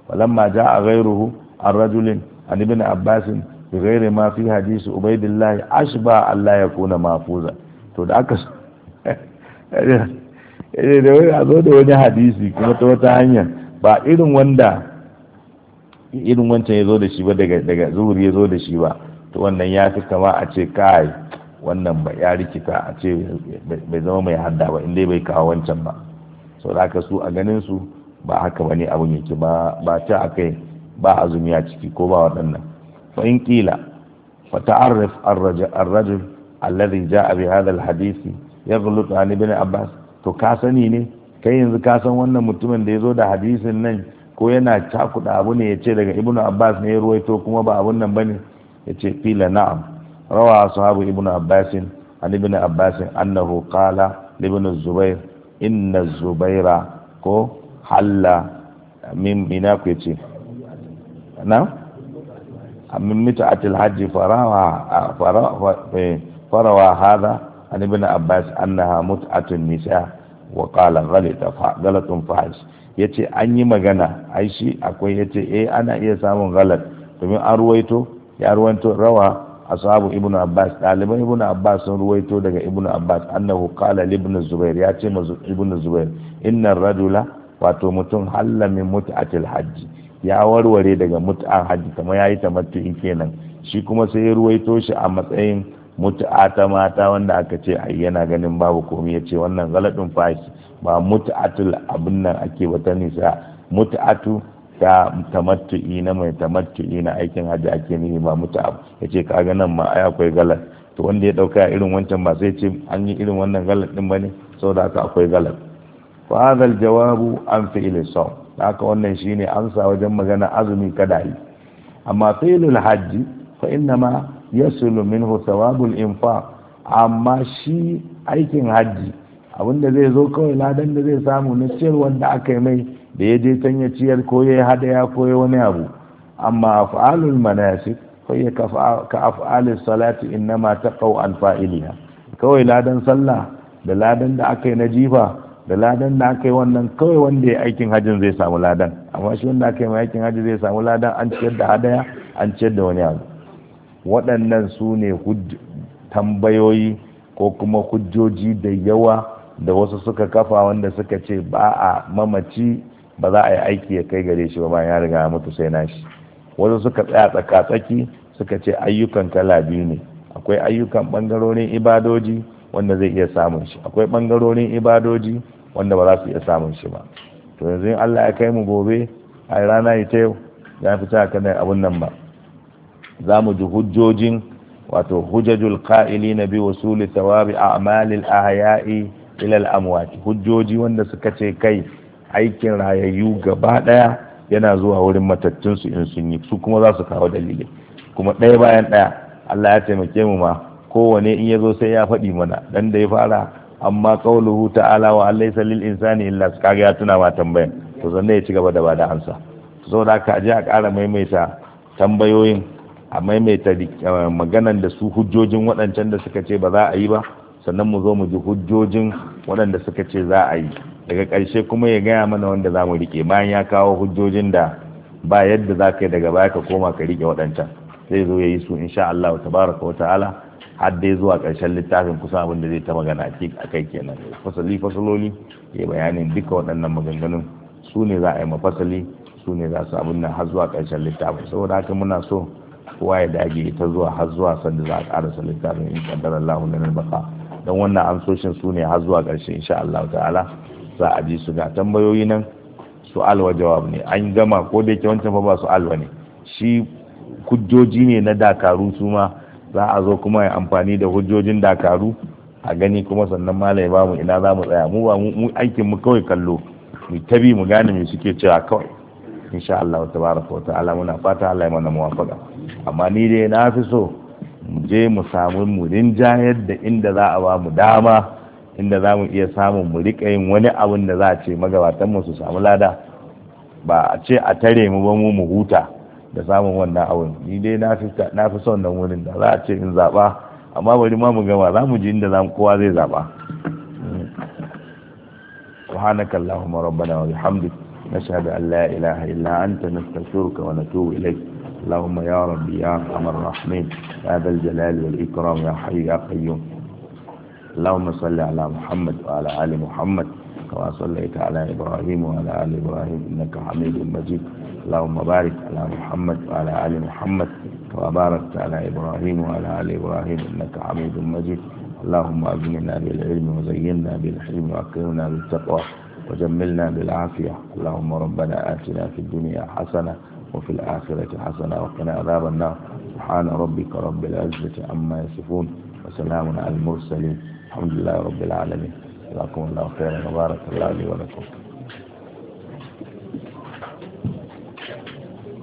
walamma ja'a ghayruhu ar-rajulin an ibn abbas bi ma fi hadith ubaydillah ashba Allah ya kuna mafuza to da aka [LAUGHS] eh da wani a da wani hadisi kuma ta wata hanya ba irin wanda irin wancan ya zo da shi ba daga daga ya zo da shi ba to wannan ya fi kama a ce kai wannan ba ya rikita a ce bai zama mai hada ba inda bai kawo wancan ba sau da haka su a ganin su ba haka bane abun yake ba ta akai ba azumi a ciki ko ba waɗannan fa in kila fa ta'arrif ar-rajul alladhi ja'a bi hadha al-hadith yaghlut an ibn abbas to ka sani ne kai yanzu ka san wannan mutumin da ya zo da hadisin nan ko yana cakuda abu ne ya ce daga Ibnu abbas ne ya ruwaito kuma ba abun nan bane ya ce kila na'am روى أصحاب ابن عباس عن ابن عباس أنه قال لابن الزبير إن الزبير كو حل من بناكوتي نعم من متعة الحج فروى فروى هذا عن ابن عباس أنها متعة النساء وقال غلط غلط فاحش yace an yi magana ai shi akwai yace eh ana iya samun galat domin an ruwaito ya ruwanto rawa ashabu ibnu abbas ɗaliban ibnu abbas sun ruwaito daga ibnu abbas annahu qala li ibnu zubair ya ce ma ibnu zubair inna rajula wato mutum halla min mut'atil hajji ya warware daga mut'an hajji kamar yayi in kenan shi kuma sai ya ruwaito shi a matsayin mut'a ta mata wanda aka ce ai yana ganin babu komai ya ce wannan galadin fashi ba mut'atul abin nan ake wata nisa mut'atu ta tamattu'i na mai tamattu'i na aikin hajji ake nihi ba ya yace kaga nan ma ai akwai galat to wanda ya dauka irin wancan ba sai ce an yi irin wannan galat din bane saboda haka akwai galat fa hadha aljawabu an fi'l sawm haka wannan shine amsa wajen magana azumi kada yi amma fi'l hajji fa inna ma yasulu minhu thawabul infa amma shi aikin hajji abinda zai zo kawai ladan da zai samu na ciyar wanda aka yi mai da ya je can ya ciyar ko ya hadaya ko ya wani abu amma af'alul manasik kai ya ka af'alis salati innama taqaw an fa'iliha kawai ladan sallah da ladan da aka yi na jifa da ladan da aka yi wannan kawai wanda ya aikin hajjin zai samu ladan amma shi wanda aka yi mai aikin hajji zai samu ladan an ciyar da hadaya an ciyar da wani abu waɗannan su ne tambayoyi ko kuma hujjoji da yawa da wasu suka kafa wanda suka ce ba a mamaci ba za a yi aiki ya kai gare shi ba ma ya riga mutu sai nashi wasu suka tsaya tsaka tsaki suka ce ayyukan kala biyu ne akwai ayyukan bangarorin ibadoji wanda zai iya samun shi akwai bangarorin ibadoji wanda ba za su iya samun shi ba to yanzu in Allah ya kai mu gobe a rana ita yau ya fita kan abun nan ba za mu ji hujjojin wato hujjajul ka'ili na bi wasuli a a'malil ahya'i ila al amwat hujjoji wanda suka ce kai aikin rayayyu gaba daya yana zuwa wurin matattunsu su in sun yi su kuma za su kawo dalili kuma ɗaya bayan ɗaya Allah ya taimake mu ma kowane in ya zo sai ya faɗi mana dan da ya fara amma kauluhu ta'ala wa allai lil insani illa kaga ya tuna ma tambayan to zanne ya ci gaba da bada amsa saboda haka aje a ƙara maimaita tambayoyin a maimaita eh, maganan da su hujjojin waɗancan da suka ce ba za a yi ba sannan mu zo mu ji hujjojin waɗanda suka ce za a yi daga ƙarshe kuma ya gaya mana wanda za mu rike bayan ya kawo hujjojin da ba yadda za ka yi daga baya ka koma ka rike waɗancan zai zo ya yi su insha Allah tabaraka wa ta'ala har dai zuwa ƙarshen littafin kusan abin da zai ta magana a kai kenan fasali fasaloli ya bayanin duka waɗannan maganganun su ne za a yi mafasali su ne za su abin nan har zuwa ƙarshen littafin saboda haka muna so kowa ya dage ta zuwa har zuwa sanda za a karasa littafin in kaddara Allah lana baka dan wannan amsoshin su ne har zuwa ƙarshe insha Allah ta'ala sa a ji su ga tambayoyi nan su wa jawab ne an gama ko da yake wancan fa ba su'al ne shi hujjoji ne na dakaru su ma za a zo kuma ya amfani da hujjojin dakaru a gani kuma sannan malai ba mu ina za mu tsaya mu ba mu aikin mu kawai kallo mu tabi mu gane me suke cewa kawai insha Allah tabaraka wa ta'ala muna fata Allah ya mana muwafaka amma ni dai na fi so mu je mu samu mu rinjayar da inda za a ba mu dama inda za mu iya samun mu rika yin wani abin da za a ce magabatanmu su samu lada ba a ce a tare mu ba mu mu huta da samun wannan abin ni dai na fi son nan wurin da za a ce in zaba amma bari ma mu gama za mu ji inda za kowa zai zaba سبحانك اللهم ربنا وبحمدك نشهد أن لا إله إلا أنت نستغفرك ونتوب إليك اللهم يا ربي يا أرحم الراحمين هذا الجلال والإكرام يا حي يا قيوم اللهم صل على محمد وعلى آل محمد كما صليت على إبراهيم وعلى آل إبراهيم إنك حميد مجيد اللهم بارك على محمد وعلى آل محمد كما باركت على إبراهيم وعلى آل إبراهيم إنك حميد مجيد اللهم أجملنا بالعلم وزينا بالحلم وأكرمنا بالتقوى وجملنا بالعافية اللهم ربنا آتنا في الدنيا حسنة وفي الآخرة حسنة وقنا عذاب النار سبحان ربك رب العزة عما يصفون وسلام على المرسلين الحمد لله رب العالمين جزاكم الله خيرا وبارك الله لي ولكم